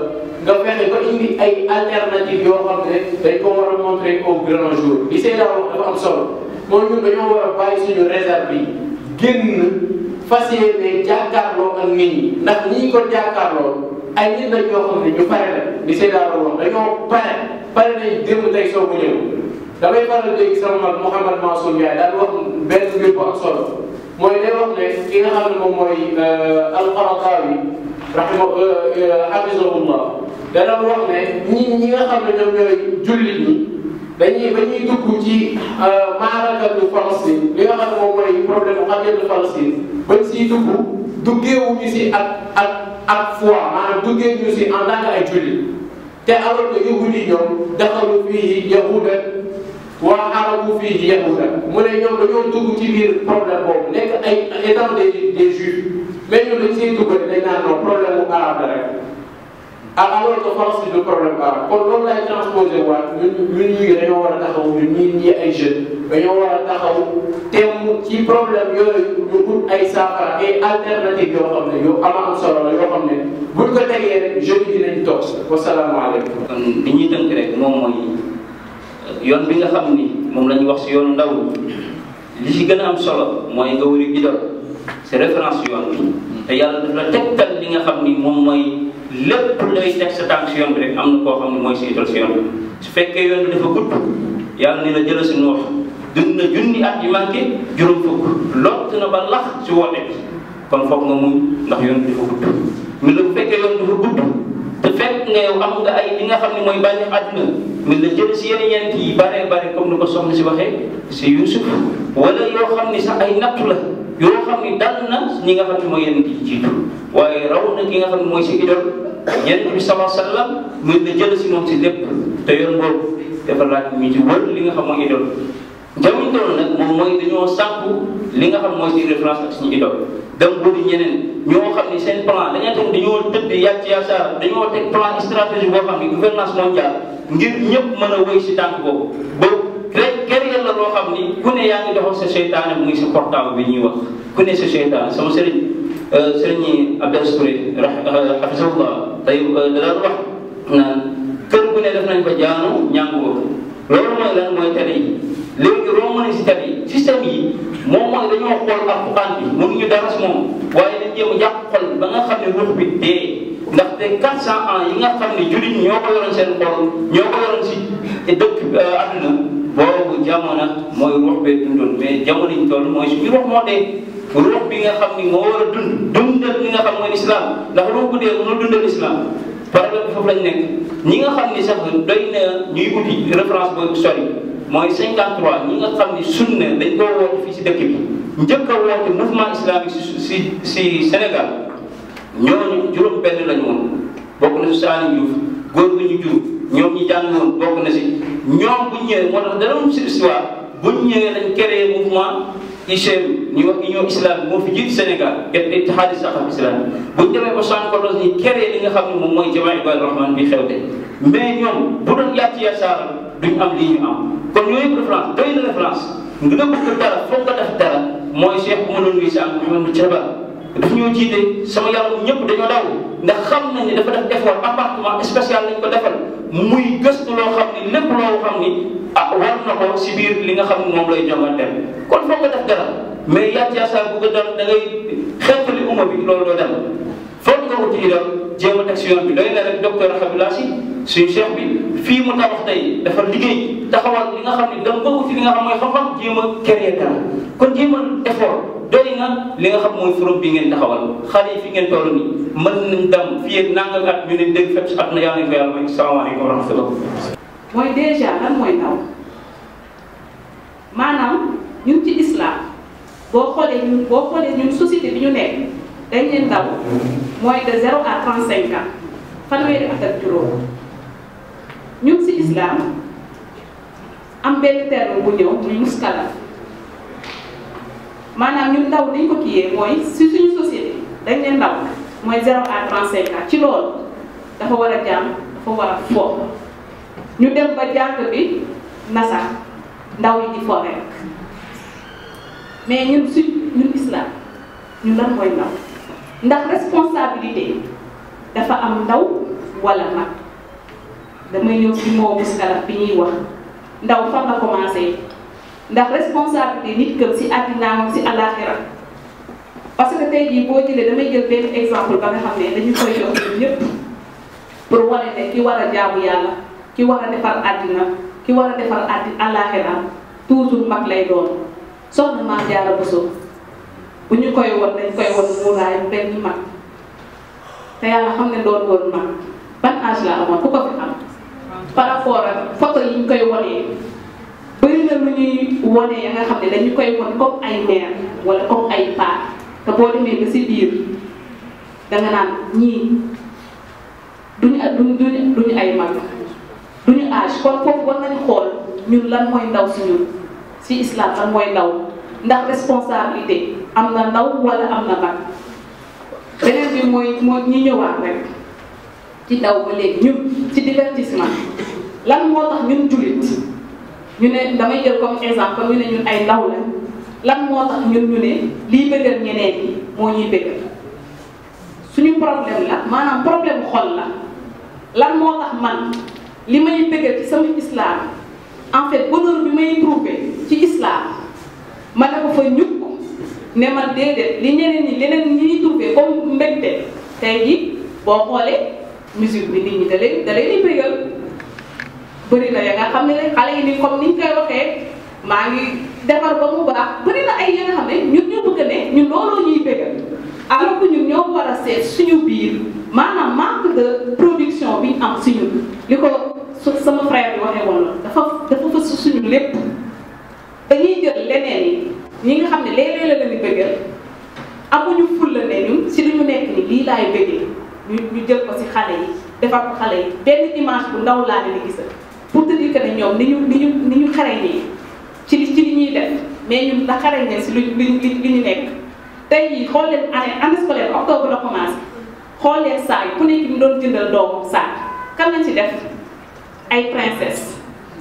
nga fexe ba indi ay alternative yoo xam ne dañ ko war a montrer au grand jour li see daa wax dafa am solo mooy ñun dañoo war a bàyyi suñu réserve yi génn fas yéene jàkkaarloo ak nit ñi ndax ñi ko jàkkaarloo ay nit la ñoo xam ne ñu pare la di seedaaroo woon dañoo pare pare nañ démb tey soo ko ñëw damay faral dégg sama mag Mouhamad Mansour Yaay daal wax benn mbir bu am solo mooy day wax ne ki nga xam ne moom mooy euh, alqarataawi rahima euh, euh, hafizahullah dana wax ne ñi ñi nga xam ne ñoom ñooy jullit dañuy ba ñuy dugg ci euh, maarakatu Palestine li nga xam ne moom mooy problème mu xamee Palestine bañ siy dugg duggeewuñu si ak ak ak foi maanaam duggeewuñu si en tant que ay jullit te alors que yahudi ñoom daxalu fii yahuda waa arabu fii yahuda mu ne ñoom dañoo dugg ci biir problème boobu nekk ay état des des juifs mais ñun dañ siy dugg dañ naan non problème mu arabe la alors que France bi le problème baax kon loolu lay transposé waat ñun ñun ñii dañoo war a taxaw ñun ñii ñii ay jeunes dañoo war a taxaw temm ci problème yooyu ñu ut ay saafara ay alternative yoo xam ne yow ama am solo la yoo xam ne buñ ko yi dinañ toog wasalaamaaleykum. kon ñuy tënk rek yoon bi nga xam ni moom la ñu wax si yoonu ndaw li ci gën a am solo mooy nga wëri gi doon c'est référence yoon bi te yàlla dafa tegtal li nga xam ni moom mooy. lépp looy teg sa tànk si yoon bi rek am na koo xam ne mooy siital si yoon bi su fekkee yoon bi dafa gudd yàlla ni la jëla si noox dund na junni at yi manqué juróom fukk lott na ba lax si woote kon foog nga muñ ndax yoon bi dafa gudd mi la bu gudd te fekk yow am nga ay li nga xam ne mooy bànneex àdduna mi la jël si yenn yent yi bare bare comme ni ko soxna si waxee si Yuusuf wala yoo xam ni sax ay nattu la yoo xam ni dal na ñi nga xam ne mooy yéen di jiitu waaye raw na ki nga xam ne mooy si idol yéen bi sallallahu alayhi wasallam na jël si moom si lépp te yoon boobu dafa laaj ñu ci wër li nga xam mooy idol jamuñ doon nag moom mooy dañoo sàkku li nga xam mooy si référence ak suñu idol dem bëri ñeneen ñoo xam ni seen plan dañoo tam dañoo tëdd yàcc yaasaar dañoo teg plan stratégie boo xam ni gouvernance mondiale ngir ñëpp mën a wéy si tànk boobu rek gërëm la loo ni ku ne yaa ngi doxal sa seytaane si portable bi ñuy wax ku ne sa seytaane sama sëriñ euh, sëriñ Abdel Touré euh, hafizahullah tey euh, da daan wax naan kër gu ne def nañ fa jaanu ñàngoor loolu mooy lan mooy tere yi léegi romb nañ si tere yi système yi moom mooy dañoo xool alxuraan bi mënuñu dara moom waaye dañ jéem a ba nga xam ne ruux bi dee ndaxte 400 ans yi nga xam ne jullit ñoo ko yoroon seen xol ñoo ko yoroon si dëkk àdduna boobu jamono mooy ruux bee dundoon mais jamono ñu toll mooy suñu ruux moo dee ruux bi nga xam ni moo war a dund dundal li nga xam mooy lislaam ndax ruux bu dee mënul dundal lislaam problème bi foofu lañ nekk ñi nga xam ni sax doy na ñuy uti référence boobu sori mooy 53 ñi nga xam ni sunna dañ koo woote fii si dëkk bi njëkk a woote mouvement islamique si si si Sénégal ñooñu juróom benn lañ woon bokk na si Saliou Diouf góor gu ñu jur ñoom ñi jàng bokk na si ñoom bu ñu moo tax dara mu si histoire bu ñu ñëwee dañ créé mouvement ICM ñu wax union islam moo fi jiitu Sénégal kenn ittihaad saqaf islam bu ñu demee san Sonkoros ñi créé li nga xam ne moom mooy jamaa Ibaadu Rahmaan bi xew de mais ñoom bu doon yàcc yàccaar duñ am lii am kon yooyu référence doy na référence nga bëgg dara foog nga def dara mooy Cheikh Mawlana Moussa Mouhamadou Thiaba du ñoo jiite sama yàlla ñëpp dañoo daw ndax xam nañ ne dafa def effort appartement spécial lañ ko defal muy gëstu loo xam ne lépp loo xam ni ah war na ko si biir li nga xam moom moom lay jonganteel kon foog nga def dara mais yàcc saa bu ko doon da ngay xeetali umma bi loolu doo dem foog nga wuti itam jéem a teg si bi doy na rek docteur Habib si suñu cheikh bi fii mu tabax tey dafa liggéey taxawal li nga xam ne dama ko wuti li nga xam mooy xam-xam jéem a créer dara kon jéem a effort doy na li nga xam mooy forom bi ngeen taxawal xale yi fi ngeen toll nii mën nañ dem fii ak nangam at ñu ne dégg fekk si at na yàlla nañ ko yàlla mooy salaamaaleykum wa rahmatulah. mooy dèjà lan mooy ndaw maanaam ñun ci islam boo xoolee ñun boo xoolee ñun bi ñu nekk. dañ ne ndaw mooy de zéro à trente cinq ans fanweeri ak juróom ñun si islam am benn terme bu ñëw muy muskalaf maanaam ñun ndaw dañ ko kiyee mooy si suñu société dañ ne ndaw mooy zéro à trente cinq ci loolu dafa war a jàng dafa war a fo ñu dem ba jàng bi nasa ndaw yi di fo rek mais ñun suñ ñun islam ñun lan mooy ndaw ndax responsabilité dafa am ndaw walla mag damay ñëw ci moo muskalaf bi ñuy wax ndaw fan na commencé ndax responsabilité nit këm si àddinaam si àllaaxira parce que tey jii koo jëlee damay jël benn exemple ba nga xam ne dañu koy jox ñëpp pour wane ne ki war a jaamu yàlla ki war a defar àddina ki war a defar àddi àllaaxira toujours mag lay doon soxna Maam Jaara Buso bu ñu koy won dañ koy won muuraayu benn mag te yàlla xam ne doon woon mag ban âge la amoon ku ko fi xam par rapport yi ñu koy wonee bëri na lu ñuy wonee ya nga xam ne dañu koy won comme ay mère wala comme ay paa te boo demee ba si biir danga naan ñii duñu duñu duñu ay mag duñu âge kon foofu war nañu xool ñun lan mooy ndaw si ñun si islam lan mooy ndaw ndax responsabilité am na ndaw wala am na mag beneen bi mooy mooy ñi ñëwaat rek ci ndaw ba léegi ñun ci divertissement lan moo tax ñun jullit ñu ne damay jël comme exemple ñu ne ñun ay ndaw la lan moo tax ñu ne liy bëggal ñeneen ñi moo ñuy bëggal suñu problème la maanaam problème xol la lan moo tax man li may bëggal ci sama islam en fait bonheur bi may trouvé ci islam ma ne ko fa ñun. ne man déedéet li ñeneen ñi leneen ñi ñuy trouvé comme mbégte tey jii boo xoolee musique bi nit ñi da leen da bégal bëri na ya nga xam ne xale yi ni comme niñ koy waxee maa ngi defar ba mu baax bëri na ay ya nga xam ne ñun ñoo bëgg ne ñun looloo ñuy bégal alors que ñun ñoo war a seet suñu biir maanaam manque de production bi am si ñun li ko sama frère bi waxee woon la dafa dafa fës suñu lépp dañuy jël leneen yi. ñi nga xam ne léeg-léeg la leen di bëggal amuñu fulla ne ñun si li ñu nekk ni lii laay bëggee ñu ñu jël ko si xale yi defar ko xale yi benn image bu ndaw laa leen di gisal pour te dire que ne ñoom ni ñu ni ñu ni ñu xarañ nii ci li ci li mais la xarañ ne si lu ñu nekk tey jii xool leen année année scolaire octobre la commencé xool leen saa yi ku nekk ñu doon jëndal doomu saak kan lañ ci def ay princesse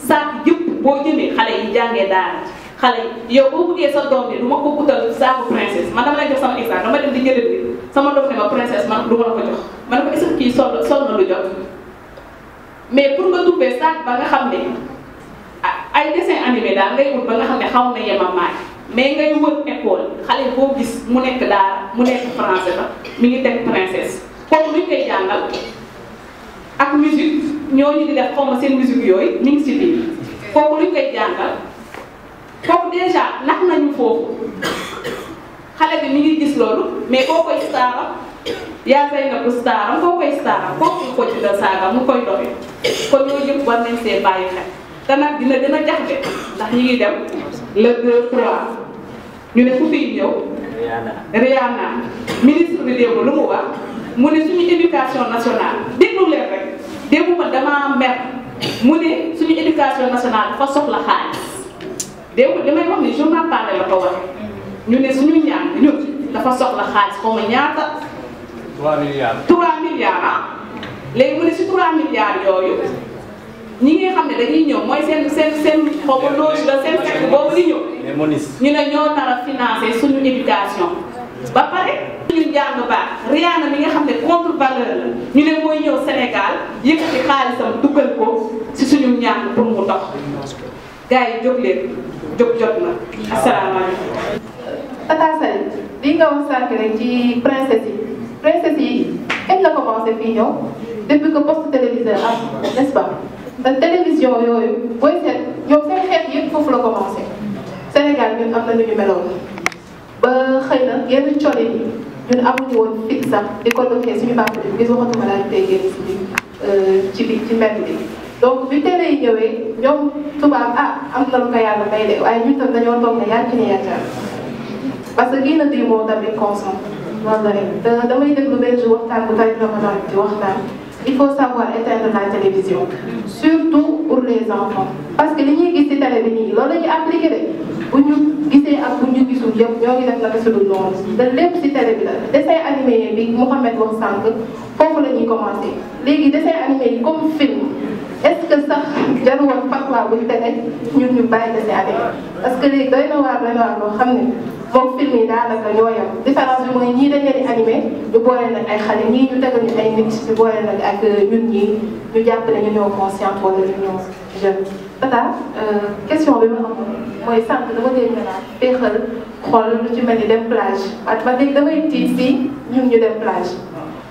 saak yëpp boo jëmee xale yi jàngee daara xale yow boo buggee sa doom bi du ma ko utal saaku princesse man dama lay jox sama exemple dama dem di njëriñ bi sama doom ne ma princesse man du ma la ko jox man ko est kii sol na lu jot mais pour nga dubbee saak ba nga xam ne ay dessin animé daal ngay wut ba nga xam ne xaw na yema maay mais nga wër école xale boo gis mu nekk daara mu nekk français la mi ngi teg princesse kooku luñ koy jàngal ak musique ñooñu di def xaw ma seen yooyu mi ngi si biir kooku luñ koy jàngal foofu dèjà ndax nañu foofu xale bi mi ngi gis loolu mais koo koy staara yaa fay na ko staara koo koy staara kooku nga ko jëndal saaga mu koy doxee kon yooyu yëpp war nañ see bàyyi xel te dina gën a jaxle ndax ñu ngi dem le 2 ñu ne ku fiy ñëw. Rihanna Rihanna ministre démb lu mu wax mu ne suñu éducation nationale déglu leen rek démb ma damaa mer mu ne suñu éducation nationale dafa soxla xaalis. déwén li may wax ni journal Pané la ko waxee mm. ñu ne suñu ñaan ñun dafa soxla xaalis xaw ma ñaata. 3 milliards 3 milliards ah. léegi yooyu ñi ngi xam ne dañuy ñëw mooy seen seen seen xaw ma la seen fekk boobu di ñëw. ñu ne ñoo nar a suñu éducation. ba pare ñu jàng Rihanna mi nga xam ne contre valeur la ñu ne mooy ñëw Sénégal yëkkati xaalisam duggal ko si suñu ñaan pour mu dox gars jóg leen. jóg jot na asalaamaaleykum. Tata Sali li nga wax sànq rek ci princesse yi princesse yi kañ la commencé fii ñëw depuis que poste téléviseur am n'est-ce pas ndax télévision yooyu booy seet ñoom seen xeet yëpp foofu la commencé Sénégal ñun am na lu ñu ba xëy na yenn coono yi ñun amuñu woon fit sax di ko doxee suñu bàq bi gis waxatuma daal di tey génn euh, ci biir ci biir bi. donc bi teel a ñëwee ñoom tubaab ah am na lu ko yàlla may de waaye ñun tam dañoo toog ne yàcc na yàccal parce que gii na di moo tamit consent loolu la rek damay déglu benn waxtaan bu tari na ko doon waxtaan il faut savoir éteindre la télévision surtout pour les enfants parce que li ñuy gis ci télé bi nii loolu la ñuy appliqué de bu ñu gisee ak bu ñu gisul yëpp ñoo ngi def naka si lu noonu da lépp ci télé bi la dessin animé bi Mouhamed wax sànq foofu la ñuy commencé léegi dessin animé yi comme film est-ce que sax jarul woon fatwa buñ tene ñun ñu bàyyi dessin animé parce que léegi doy na waar doy na waar loo xam ne moom film yi daanaka ñoo yem différence bi mooy ñii dañ leen di animé ñu boole nag ay xale ñii ñu tegal ñu ay nit ñu boole nag ak euh, ñun ñii ñu jàpp ne ñu ñoo consciente wala ñu ñoo jeune. Tata euh, question bi mooy sànq dama dégg nga naan féexal xool lu ci mel ni dem plage waaye man léegi damay tiit si ñu dem plage.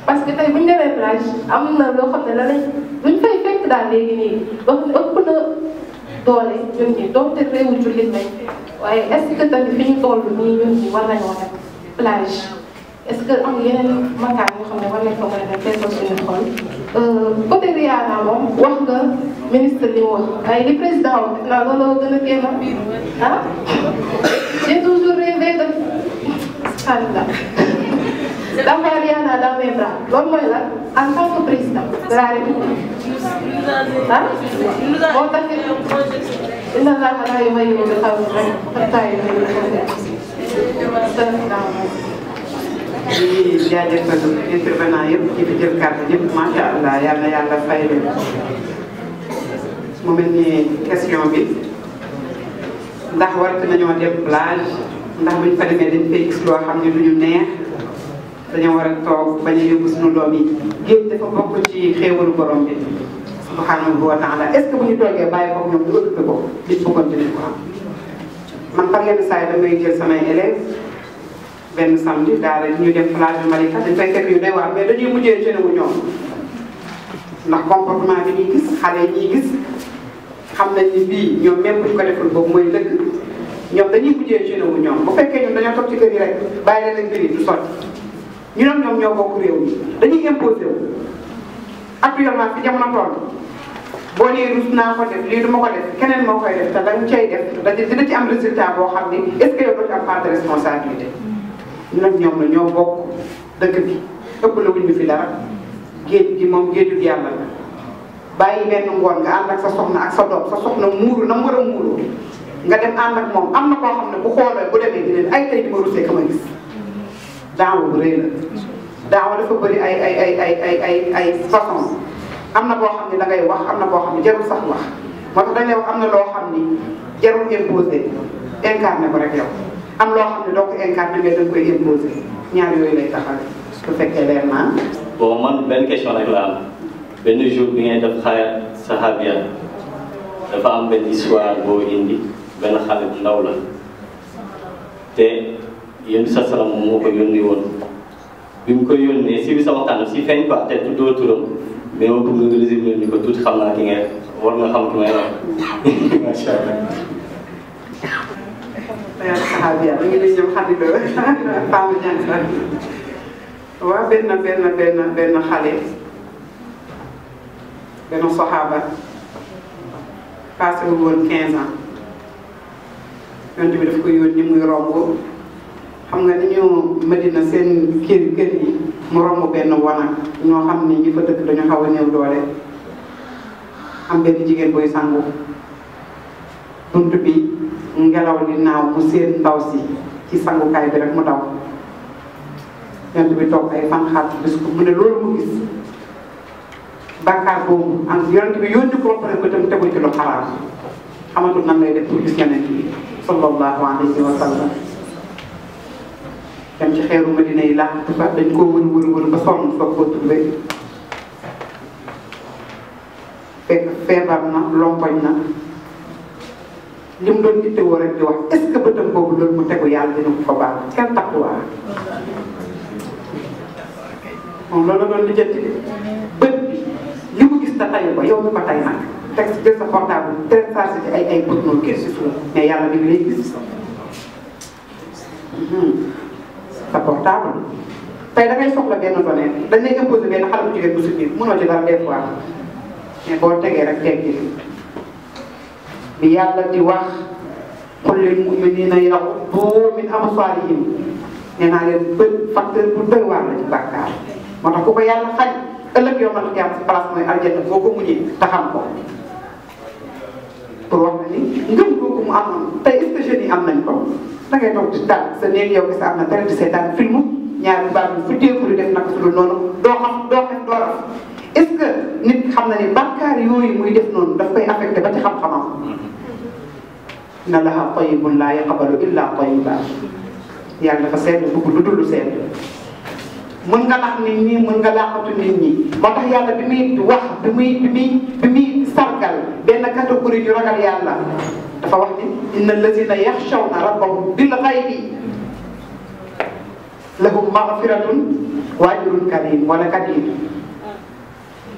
parce que tey bu ñu demee plage am na loo xam ne la lañ luñ fay fekk daal léegi nii ba ëpp na. doole ñun ñi doonte réewu jullit nañ waaye est-ce que tamit fi ñu toll nii ñun ñi war nañoo def plage est-ce que am yeneen makaan yoo xam ne war nañ ko mën a def feesal suñu xol euh, côté Rihanna moom wax ministre li mu wax li président wax naa looloo gën a génn ah j'ai toujours rêvé de xaalis l'affaire Rihanna dans mes bras loolu mooy lan en tant que président de la République ah boo taxit inna Allaha laa yughayyiru bi qawmin hattaa yughayyiru bi anfusihim di jaajëfal intervenant yëpp ci fi jël carte yëpp macha allah yal na yàlla mu mel ni question bi ndax waratu nañoo dem plage ndax buñ fa demee dañ fay gis loo xam neex. dañoo war a toog bañ a yóbbu suñu doom yi géej dafa bokk ci xéewalu borom bi subhanahu wa taala est ce que bu ñu toogee bàyyi ko ñoom ñu ëpp ko liñ bëggoon dinañ ko am. yi damay jël samay élèves benn ñu yu doy mais dañuy mujjee cëne wu ñoom ndax comportement bi ñuy gis xale yi ñuy gis xam nañ ni bii ñoom même bu ñu ko deful boobu mooy dëkk ñoom dañuy mujjee cëne wu ñoom bu fekkee ñun dañoo toog ci kër yi rek bàyyi leen ak mbir du sotti. ñu ne ñoom ñoo bokk réew mi dañuy imposé wu actuellement fi jamono toll boo nee rus naa ko def lii du keneen moo koy def cay def da ci am résultat boo xam ni est ce que yow ñoom la ñoo bokk dëkk bi ëpp la wuñ fi dara géej gi moom géeju yàlla la bàyyi benn ngoon nga ànd ak sa soxna ak sa doom sa soxna muuru na mu war a muuru nga dem ànd ak moom am na koo xam ne bu xoolee bu demee di leen ay tey di ma rusee ka gis daawa bu rëy la daawa dafa bëri ay ay ay façon am na boo xam ne da wax am na boo xam ne jarul sax wax moo tax dañ am na loo xam ni jarul imposé incarné ko rek yow am loo xam ne doo ko incarné mais koy imposé ñaar yooyu lay taxawee su fekkee leer naa bon man benn question rek la am benn jour bi ngay def xaar sahabia dafa am benn histoire boo indi benn xale bu ndaw la te yéen bi sa salaam moom moo ko yónnee woon bi mu ko yónnee si bi sama tànn si feeñ quoi te tuddoo turam mais moom bëgg nga résumer ni ko tuuti xam naa ki nga war nga xam ki may wax. macha allah. waaw benn benn benn benn xale benn soxaaba passé wu woon 15 ans yonent bi daf ko yónni muy romb. xam nga ni ñu Medina seen kër kër yi mu romb benn wanag ñoo xam ne ñi fa dëkk dañu xaw a néew doole am benn jigéen booy sangu bunt bi ngelaw li naaw mu seen ndaw si ci sangukaay bi rek mu daw jant bi toog ay fan xaar bis ko mu ne loolu mu gis bàkkaar boobu am yonent bi yónni ko pare ko tam tegu ci lu xaraam xamatul nan lay def pour gis yeneen bi sallallahu alayhi wa sallam dem ci xeeru Madina yi làqatu fa dañ koo wër wër wër ba sonn soog koo trouvé fekk feebar na lompoñ na li mu doon ittewoo rek di wax est-ce boobu loolu mu tegu yàlla dina ko fa baax kenn taxuwaay moom loolu la doon lijjanti bët bi li mu gis ta tayu ko yow mi ko tay nag teg jël sa portable te chargé ay ay bët noonu kër si suuf mais yàlla di lay sa portable tey da ngay soxla benn donné dañ lay imposé benn xale bu jigéen bu si biir mënoo ci dara des fois mais boo tegee rek teggi bi yàlla di wax qul lil mu'minina yaghuddu min absarihim nee naa leen bët bu doy waar la ci bàkkaar moo ku ko yàlla xaj ëllëg yow nag yaa am si place mooy aljanna boo ko muñee taxam ko na ni ngëm mu am tey est-ce que jeunes yi am nañ ko. dangay toog di dal sa néeg yow gis am na dara di seetaan film ñaari baal yu futteeku lu noonu doo xam doo xef doo ce que nit xam na ni bàkkaar yooyu muy def noonu daf koy affecté ba ci xam-xamam na laha tayibun laa yaqbalu illa tayiba yàlla dafa seetlu bëgg lu dul seetlu mën nga nax nit ñi mën nga laaxatu nit ñi moo tax wax bi muy bi muy bi muy sargal benn catégorie ñu ragal yàlla dafa wax ni inna allazina yaxshawna rabbahum bil xaybi lahum maxfiratun wa ajrun karim wala karim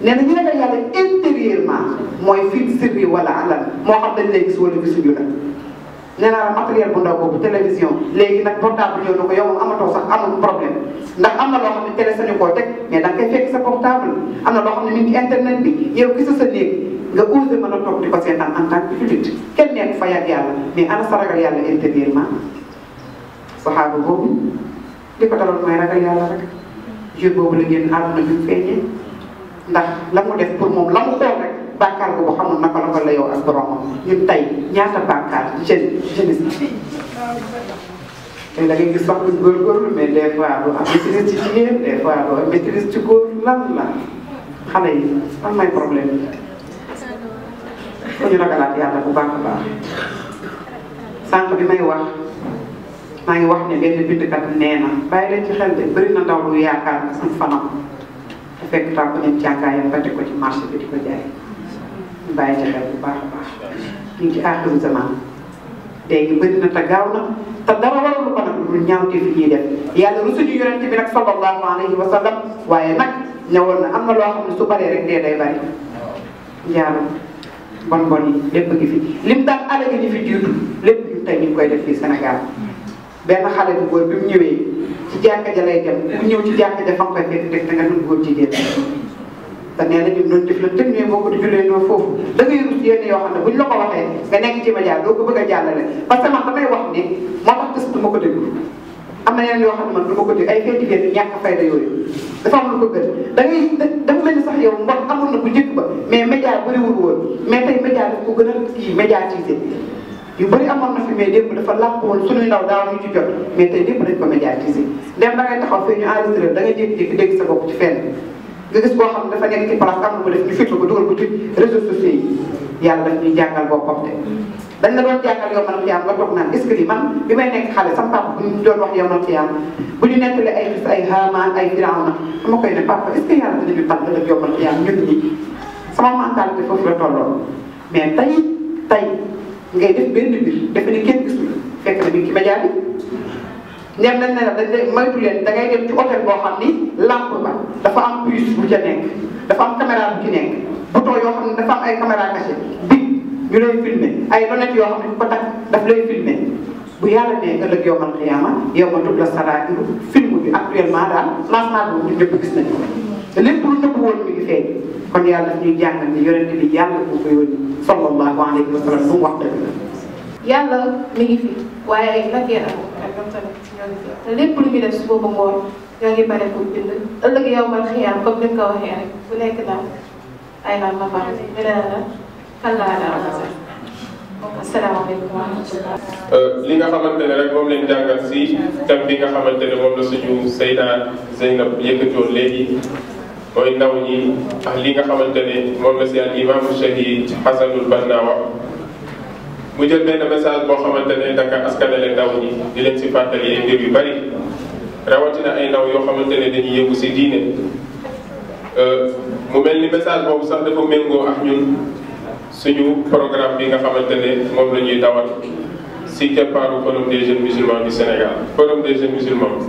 nee na ñu ragal yàlla intérieurement mooy fii sirri wala alal moo xam dañ lay gis wala gisuñu la nee naa la léegi nag portable ñëw na ko yow moom amatoo sax amul problème ndax am na loo xam ne télé sañu koo teg mais da nga koy fekk sa portable am na loo xam ne mi ngi internet bi yow gis sa néeg nga osé mën a toog di ko seetaan en tant que jullit kenn nekk fa yàgg yàlla mais ana sa ragal yàlla intérieurement saxaaba boobu li ko daloon mooy ragal yàlla rek jour boobu la ngeen àdduna bi mu feeñee ndax la mu def pour moom la mu xool rek bàkkaar boobu xamul naka la ko la yow ak boromam ñun tey ñaata bàkkaar jeune jeunesse bi. te da ngay gis sax duñ góorgóorlu mais des fois du am maîtrise ci jigéen des fois du am maîtrise ci góor lan la xale yi am may problème ñu ragalaat yàlla bu baax a baax sànq bi may wax maa ngi wax ne benn na bàyyi leen ci xel de na ndaw lu yaakaar na am fanam te fekk taa ko dem càkkaayam ba teg ko ci marché bi di ko jaay ñu ci xel bu baax a baax ñu ngi ci na te gaaw na te dara waral lu ko yàlla rusuñu yonent bi nag sallallahu alayhi wa sallam waaye nag ñëwoon na am na loo xam ne su baree rek dee bari njaaru bon bon yi lépp ngi fi lim daan alal yi di fi jiitu lépp ñun tey ñu ngi koy def fii Sénégal benn xale bu góor bi ñëwee ci jàkka ja lay dem ku ñëw ci jàkka ja fa nga koy fekk def da nga dul góor jigéen te nee na ñun doon jëf la tëg boo ko di julee noonu foofu da ngay rus yenn yoo xam ne buñ la ko waxee nga nekk ci média doo ko bëgg a jàllale parce que man damay wax ni moo tax gis du ko déglu am na yeneen yoo xam ne man du ma ko dégg ay xeeti génn ñàkk yooyu dafa am lu ko gën da ngay dafa mel sax yow mbon amoon na bu njëkk ba mais média bëriwul woon mais tey média daf ko gën a kii médiatisé yu bëri amoon na fi mais démb dafa làpp woon suñuy ndaw daaw ñu ci jot mais tey démb dañ ko médiatisé dem da ngay taxaw fii ñu enregistré da ngay jékki-jékki dégg sa bopp ci fenn nga gis koo xam ne dafa nekk ci place am na ko def ñu fit ko dugal ko ci réseaux sociaux yi yàlla daf ñuy jàngal boppam dañ la doon jàngal yow man xiyaam nga toog naan est-ce man may nekk xale sama papa wax yow man xiyaam bu ñu ne papa que yàlla dinañu tànn ëllëg foofu la tolloon mais tey tey ngay benn mbir defe ne fekk na mi ngi ci bi ñeem nañ ne dañ lay moytu leen da ngay dem ci hôtel boo xam ni lampe ba dafa am puce bu ca nekk dafa am caméra bu ci nekk bouton yoo xam ne dafa am ay caméra caché yu lay filmer ay lunette yoo xam ko takk daf lay filmer bu yàlla nee ëllëg yowmal xiyaama yowma tubla saraa'iru film bi actuellement daal lancement boobu ñu ñëpp gis nañu ko lépp lu nëbb woon mi ngi feeñ kon yàlla daf ñuy jàngal ni yonent bi yàlla bu ko yónni sallallahu alayhi wa sallam bu mu wax dëgg la mi ngi fi waaye nag yéen ak ñoom tamit ñoo ngi fi te lépp lu ñu def suba ba ngoon ñoo ngi bare pour bind ëllëg yowmal xiyaam comme ni nga ko waxee rek bu nekk daal ay naan ma baax mi na Euh, li nga xamante ne rek moom lañ jàngal si thème bi nga xamante ne moom la suñu Seyda Zeynab yëkkatoon léegi mooy ndaw ñi ak li nga xamante ne moom la si al imaamu shahid Hasanul Banna wax mu jël benn message boo xamante ne daka askanale ndaw ñi di leen si fàttali ay mbir yu bari rawatina ay ndaw yoo xamante ne dañuy yëngu si diine euh, mu mel ni message boobu sax dafa méngoo ak ñun. suñu programme bi nga xamante ne moom la ñuy dawal si keppaaru forum des jeunes musulmans du Sénégal forum des jeunes musulmans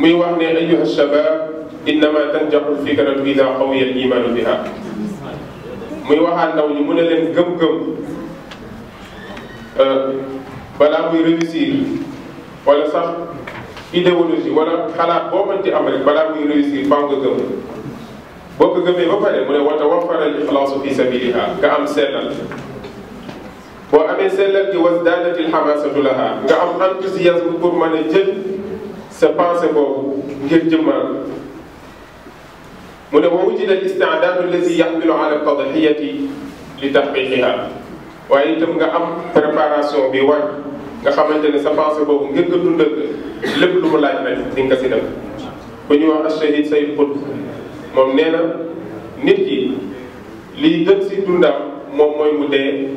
muy wax ne ayyuha shabab innama tanjaxu lfikratu ida qawiya al imaanu biha muy waxaat ndaw ñi mu ne leen gëm-gëm euh, balaa muy réussir wala sax idéologie wala xalaat boo mënti am rek balaa muy réussir boo ko gëmee ba pare mu ne wa tawaffara al ixlaasu fi sabiliha nga am sellal boo amee sellal gi wasdaadatil xamaasatu laha nga am enthousiasme pour mën a jël sa pensée boobu ngir jëmmal mu ne wa wujida al istidaadu allazi yaxmilu ala tadxiyati li taxqiqiha waaye itam nga am préparation bi war nga xamante ne sa pensée boobu ngir nga dundal lépp lu mu laaj rek di nga si def ku ñuy wax ashahid sayid qutb moom nee na nit ki liy gën si dundam moom mooy mu dee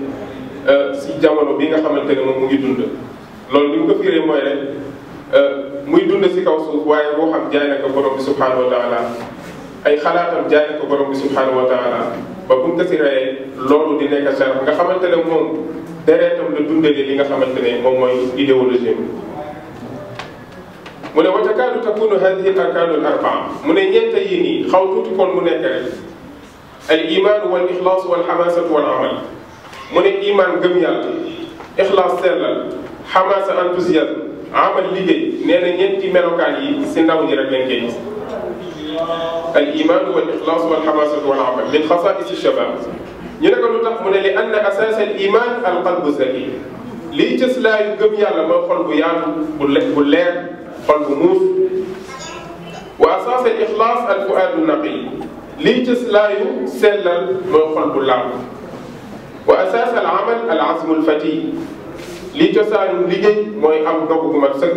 si euh, jamono bi nga xamante ne moom mu ngi dund loolu li mu ko firee mooy rek euh, muy dund si kaw suuf waaye boo xam jaay na ko borom bi subhanahu wa ay xalaatam jaay na ko borom bi subhanahu wa taala ba bu ko si reyee loolu di nekk sharaf nga xamante ne moom dereetam la dundale li nga xamante ne moom mooy idéologie mu ne wa takaadu takunu hadihi l arkaanu l arbaa mu ne ñeent yi nii xaw tuuti kon mu nekk rek al imaanu wal ixlaas wal xamaasatu wal amal mu ne imaan gëm yàlla ixlaas sellal xamaasa enthousiasme amal liggéey nee na ñeenti melokaan yi si ndaw ñi rek lañ koy gis al imaanu wal ixlaas wal xamaasatu wal amal min xasaa'isi shabaab ñu ne ko lu tax mu ne li anna asaas al imaan al qalbu salim lii cëslaayu gëm yàlla mooy xol bu yaatu bu le bu leer. xol bu muus wa asaas al ixlaas al fuaadu naqiy lii cëslaayu sellal mooy xol bu laab wa asaas al amal al azmu al fati lii cosaanu liggéey mooy am dogu gu mat sëkk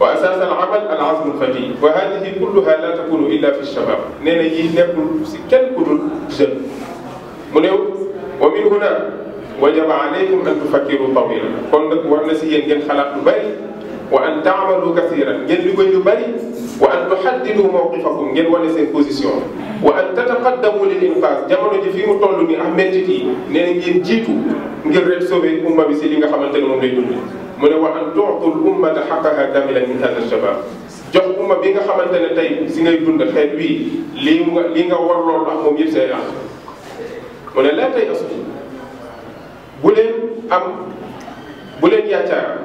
wa asaas al amal al azmu al fati wa hadihi kulluha la takunu illa fi shabab nee na yii nekkul si kenn ku dul jeune mu ne wa min huna wajaba aleykum an tufakkiru tawila kon nag war na si yéen ngeen xalaat lu bari wa an taamalu kasiran ngeen liggéey lu bari wa an tuhaddidu mawqifakum ngeen wane seen position wa an tataqaddamu lil inqaas jamono ji fii mu toll ni am mettit yi nee na ngeen jiitu ngir ret sauver umma bi si li nga xamante ne moom lay mu ne wa an tuutul ummata xaqaha kamilan min hada shabab jox umma bi nga xamante ne tey si ngay dund xeet wii lii nga nga war loolu ak moom yëpp see am mu ne laa bu leen am bu leen yaacaaram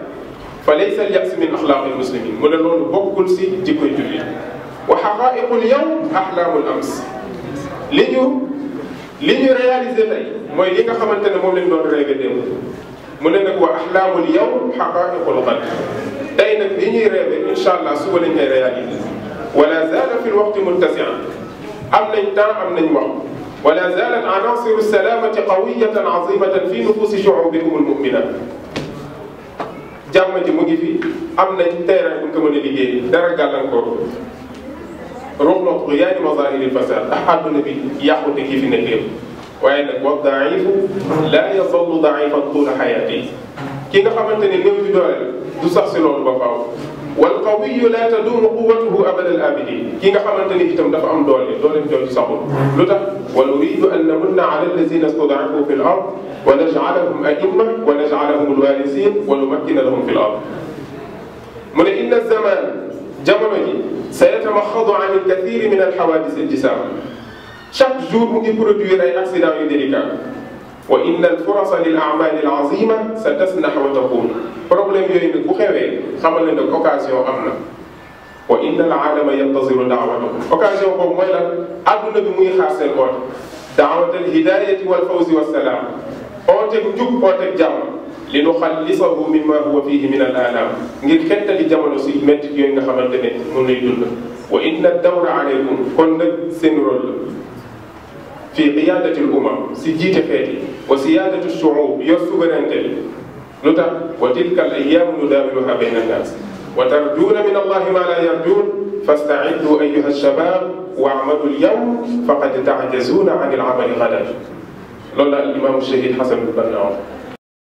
fa laysa al yaas min axlaaqil muslimin mu ne loolu bokkul si jikkoy jullit wa xaqaaiqul yawm axlaamul ams li ñu li ñu réalisé tey mooy li nga xamante ne moom lañ doon rêvé démb mu ne nag wa axlaamul yawm xaqaaiqul xad tey nag li ñuy rêvé incha allah suba lañ koy réalisé wala zaala fi lwaqti muttasia am nañ temps am nañ wax ولا زالت عناصر السلامة قوية عظيمة في نفوس شعوبكم المؤمنة jàmm ji mu ngi fi am nañ terrain bu ñu ko mën a liggéey dara gàllankoor roxloox yaa ngi mazaahiril fasaad ndax àdduna bi yàqute kii fi nekk yëpp waaye nag wa daifu laa yazallu daifan tuula xayaati ki nga xamante ne néew di doole du sax si loolu ba faaw wal qawiyu la taduunu quwwatuhu abada al abidin ki nga xamante ni itam dafa am doole dooleem jooju saxul lu tax wa nuridu an namunna ala allazina istud'ifu fi l ard wa naj'alahum a'imma wa naj'alahum alwarisin wa numakkina lahum fi l ard mu ne inna zaman jamono ji sa yatamaxadu an alkathiri min alxawadis aljisaam chaque jour mu ngi produire ay accident yu délicat wa inna al furasa lil amali al azima sa tasnah wa takun problème yooyu nag bu xewee xamal ne nag occasion am na wa inna al alama yantasiru daawatakum occasion boobu mooy lan adduna bi muy xaar seen oote daawatal hidayati wal fawzi wassalaam ooteeg njub ooteeg jàmm li nu xallisahu mimma huwa fihi min al alam ngir xettali jamono si méttit yooyu nga xamante ne mun lay dund wa inna dawra aleykum kon nag seen rôle la fii qiyaadati l umam si jiite xeet yi wa siyaadati shuub yor souveraineté bi lu tax wa tilka al ayyaamu nudaawiluhaa bayna nnaas wa tarjuuna min allahi maa laa yarjuun fastaiddu ayyuha shabaab wa amalu l yawm faqad taajazuuna an al amali gadan loolu daal imaamu shahid Xasan al Banna